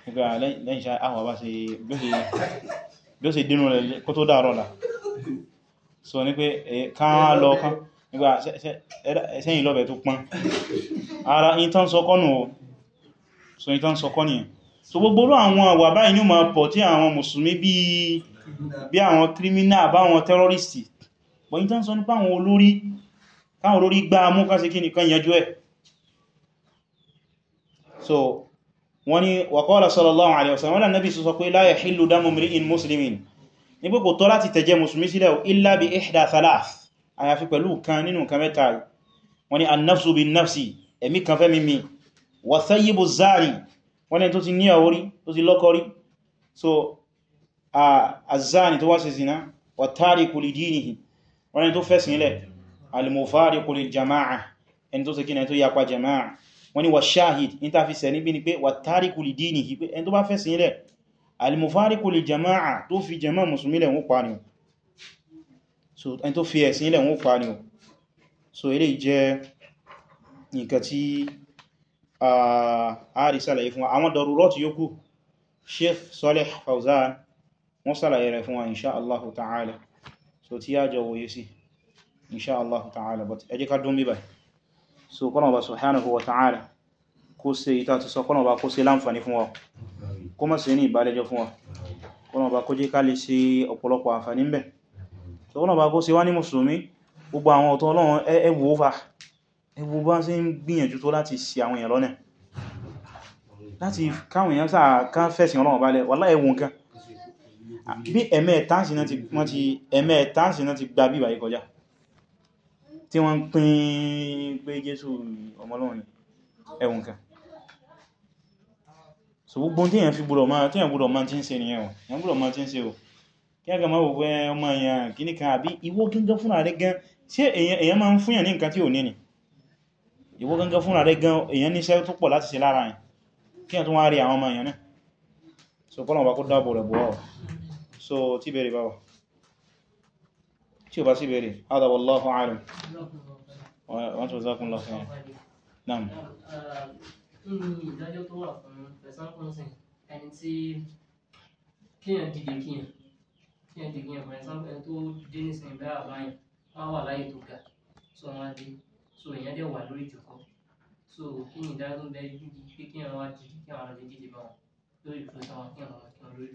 nígbà lẹ́yìn ṣe àwọn bá ṣe bí ó ṣe dínú rẹ̀ kó tó dáàrọ̀ là so ní pé kán lọ kán nígbà sẹ́yìn lọ́bẹ̀ tó pán ara ìtàn sọkọ́nù o so ìtàn sọkọ́nù yẹn so gbogbo àwọn àwà báyìí ní ma pọ̀ tí àwọn mùsùlùmí bí àwọn kírímínà báwọn tẹ́rọrìsì pọ̀ ìtàn sọ nípa àwọn olórí káwọn olórí gbá mú kásìkí nìkan yanjú ẹ̀ so wọ́n ní wàkọ́lá sallallahu alaihi wasallam wọ́n nabi sọ pé la yahillu damu mri'in muslimin ní pé kò tọ́ láti tẹ̀jẹ̀ musulmi sílẹ̀ illa bi ihda thalath àyàfi pẹ̀lú kan nínú kan mẹ́ta wọ́n ní annafsu bin nafsi ẹ̀mí kan fẹ́ mímí wa thayyibu zari wọ́n ní tó ti ní àwórí tó ti lọ́kọrí so azani tó wá ṣe zina wa tariku li dinihi wọ́n ní tó fẹ́ sílẹ̀ al mufariqu jama'a ẹni tó ṣe kí ni tó yapa jama'a wọ́n ni wà shahid intafisẹ̀ níbi ni pé wà tariku li dinihi pé ẹni tó bá fẹ́ sílẹ̀ alimufariku li jama'a tó fi jama'a musulmi lẹ̀ wọ́n pàánìyàn so ẹni tó fi ẹ̀sìn lẹ̀ wọ́n pàánìyàn so ilé jẹ́ nǹkan tí a rí sàlàyé fún wa àwọn dọ̀rùrọ̀ tí yókù Sheikh Saleh Fawzan wọ́n sàlàyé rẹ̀ fún wa insha so kọ́nà ọba subhanahu wa ta'ala kó ṣe ìta ti sọ kọ́nà ọba kó ṣe láǹfàní fún wa kó mọ̀ sí ní ìbálẹ́jọ́ fún wa kọ́nà ọba kó jẹ́ ká lè ṣe ọ̀pọ̀lọpọ̀ àǹfàní ń bẹ̀ so kọ́nà ọba kó ṣe wá ní mùsùlùmí gbogbo àwọn ọ̀tọ̀ ọlọ́run ẹwù ó fà ẹwù bá sí ń gbìyànjú tó láti ṣì àwọn èèyàn lọ́nà láti káwọn èèyàn tí wọ́n ń pín pé Jésù ọmọ Ọlọ́run ni ẹwùn kan so gbogbo tí èyàn fi gbọ́dọ̀ máa tí èyàn gbọ́dọ̀ máa tí ń ṣe nìyẹn o èyàn gbọ́dọ̀ máa tí ń ṣe o kí a gama wọ́wọ́ ọmọ èyàn kìíní kan àbí ìwọ gangan fúnra rẹ gan ṣé èyàn máa ń fúnyàn ní nǹkan tí ò ní ni ìwọ gangan fúnra rẹ gan èyàn níṣẹ́ tó pọ̀ láti ṣe lára yẹn kí èyàn tó wá rí àwọn ọmọ èyàn náà so kọ́lọ̀ wà kó dáàbò rẹ̀ bọ́ so tí bẹ̀rẹ̀ bá tí ó bá sí bèèrè hádà wallahu a'lam wọ́n tó zákún lọ fún náà ìdájọ́ tó wà fún pẹ̀sán kọ́nsìn ẹni tí kíyàn dìde kíyàn kíyàn dìde kíyàn fún ẹ̀sán ẹni tó dìde nísìn ìbẹ́ àbáyìn wọ́n wà láyé tó ga so wọ́n di so èèyàn dẹ̀ wà lórí ìjòkó so kí ni ìdájọ́ bẹ́ẹ̀ pé kíyàn wá dìde kíyàn wá lè dìde bá wọn lórí ìfúnṣọ́ wọn kíyàn lórí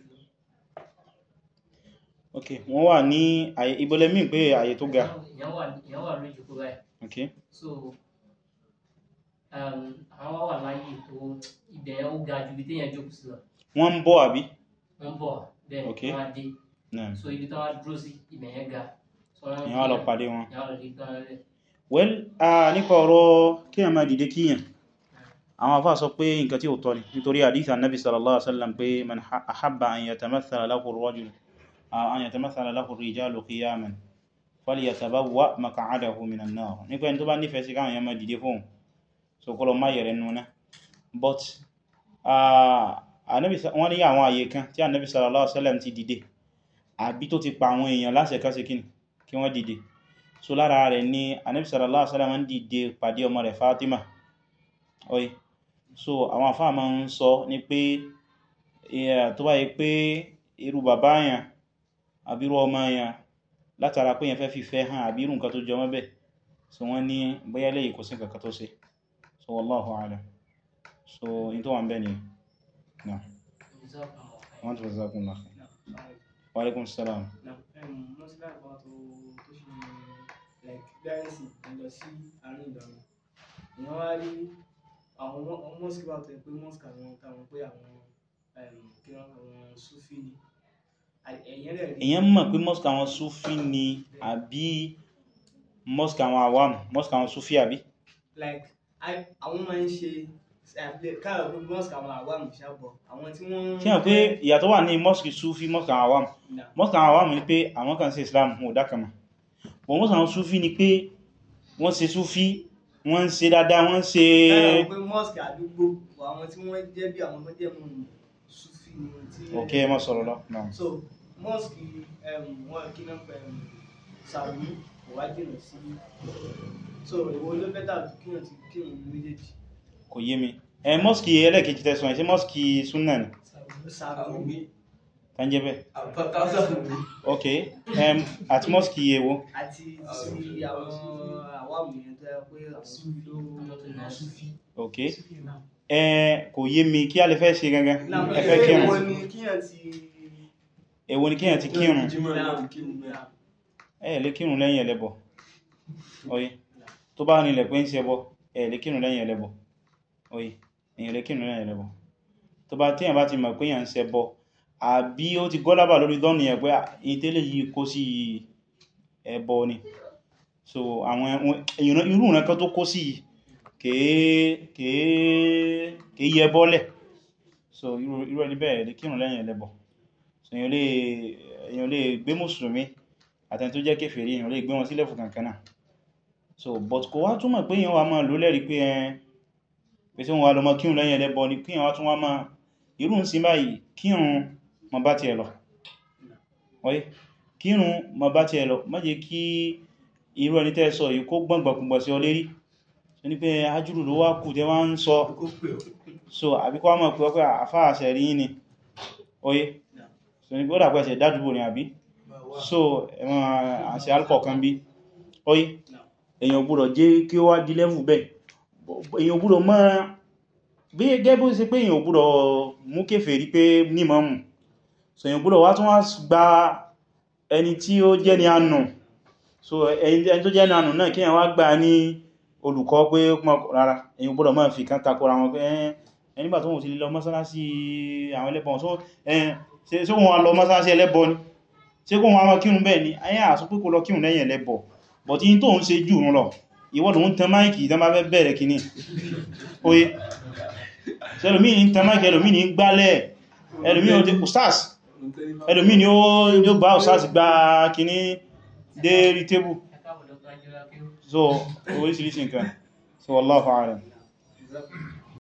ok wọ́n wà ní àyè ìbọ̀lẹ́mí pé àyè tó ga ìyàn wà lójú kó báyìí ok so um, àwọn wà láyé tó ibẹ̀ ó ga ju ibi téèyàn jókòó sí lọ wọ́n ń bọ̀ àbí wọ́n ń bẹ́ẹ̀ wọ́n so ibi tó wá dúró sí ibẹ̀ yẹn ga ìyàn wà lọ pàdé wọn well nípa ọ̀rọ̀ kéèyàn máa dìde kíyàn àwọn afá sọ pé nǹkan tí ó tọ́ ni nítorí àdíthà nabi sallallahu alaihi wasallam pé man ahabba an yatamathala lahu rajul an yatamathala lahu rijalu qiyaman falyatabawwa maq'adahu minan nar nípa ẹni tó bá nífẹ̀ẹ́ sí káwọn èèyàn máa dìde fóun so kọlọ má yẹ̀rẹ̀ nù náà but wọ́n ní àwọn àyè kan tí ànábì sallallahu alaihi wasallam ti dìde àbí tó ti pa àwọn èèyàn láṣẹ kan sí kíni kí wọ́n dìde so lára rẹ̀ ni ànábì sallallahu alaihi wasallam ń dìde pàdé ọmọ rẹ̀ Fatima oye so àwọn àfáà máa ń sọ ni pé tó bá yẹ pé irú bàbá yẹn àbírú ọmọ yẹn látara pé yẹn fẹ́ fi fẹ́ hàn àbírú nǹkan tó jọmọ́ bẹ́ẹ̀ so wọ́n ní bóyá lẹ́yìn kò sí nǹkan tó ṣe so wallahu alam so in tó wà ń bẹ́ ni na wọ́n tó fẹ́ kún náà wa alaikum salam àwọn mọ́síkì bá tẹ̀ pé mọ́síkì àwọn táwọn pé àwọn kí wọ́n àwọn súfì ni èyàn mọ̀ pé mosque àwọn Sufi ni àbí mosque àwọn awam mosque àwọn Sufi àbí like àwọn máa ń ṣe káàrọ̀ pé mosque àwọn awam ṣàbọ̀ àwọn tí wọ́n tí wọ́n pé ìyàtọ̀ wà ní mosque Sufi mosque àwọn awam mosque àwọn awam ni pé àwọn kan ṣe Islam wọn ò dákàmà but mosque àwọn Sufi ni pé wọ́n ṣe Sufi wọ́n ṣe dáadáa wọ́n ṣe káàrọ̀ pé mosque mosque ni tí ok mọ́ sọ̀rọ̀ lọ náà so mosque um, wọn kí náà pẹ̀ sàmú kò wá jìnà sí so ìwọ ló bẹ́tà kíyàn ti kírun méjèèjì kò yé mi ẹ mosque ẹlẹ́kejì tẹ̀sán ẹ̀ sí mosque sunna ni sàmú tánjẹ́ bẹ́ ok um, at mosque yẹ wo àti sí àwọn àwọn àmìyàn tó yẹ pé àwọn ok, okay ẹn kò yé mi kí a lè fẹ́ ṣe gangan ẹfẹ́ kírùn èwo ni kíyàn ti kírùn ẹ̀ lè kírùn lẹ́yìn ẹlẹ́bọ oye tó bá nílẹ̀ pé ń ṣe ẹbọ ẹ̀ lè kírùn lẹ́yìn ẹlẹ́bọ oye èyàn lè kírùn lẹ́yìn ẹlẹ́bọ tó bá tíyàn bá ti mọ̀ pé yàn ń so àwọn irú nǹkan tó kó sí kèé yẹ bọ́lẹ̀ so irú ẹni bẹ́ẹ̀ lè kírùn lẹ́yìn ẹlẹ́bọ so èyàn lè gbé mùsùlùmí àtẹni tó jẹ́ kèfèrí èyàn lè gbé wọn sílẹ̀ fún kankan so but kò wá túmọ̀ pé èyàn wá máa lò lẹ́rí pé kírùn lẹ́yìn ẹlẹ́bọ ni kí èyàn wá tún wá máa irú ń sin báyìí kírùn mọ bá tiẹ̀ lọ ọyẹ́ jẹ́ kí irú ẹni tẹ́ sọ yìí kó gbọ́ngbọ̀kùngbọ̀ sí ọ so ní pé ajúrù ló wá kù tẹ́ wá ń sọ so àbíkọ́ àmọ́ pé ọkọ̀ àfáàṣẹ̀ rí ní oyé so ní pé ó dàpẹ́ ṣe ní àbí so ẹ̀wọ̀n àṣẹ alkọ̀ọ̀kan bí oyé èyàn gbúrọ̀ jẹ́ kí ó wá di bẹ́ẹ̀ èyàn gbúrọ̀ mọ́ ẹni tó jẹ́ ni ànù náà kí èyàn wá ní olùkọ́ pé rárá èyí gbọ́dọ̀ máa fi kan takora wọn pé ẹnigbà tó wọ́n ti lọ mọ́sálásí àwọn ẹlẹ́bọn ṣé wọ́n lọ mọ́sálásí ẹlẹ́bọ ni ṣé kó wọn a máa kírun bẹ́ẹ̀ ni ayé àsọ pé kó lọ kírun lẹ́yìn ẹlẹ́bọ bọ̀tí tó ń ṣe jù rún lọ ìwọ́n lòun tan máìkì ìdánmà fẹ́ bẹ̀rẹ̀ kìíní oye ṣẹlòmí ní tan máìkì ẹlòmí ní gbálẹ̀ ẹlòmí ní ojú ustaz ẹlòmí ní ó gbá ustaz gbá kìíní dé rí tébù so oríṣiríṣi nǹkan so wallahu a'lam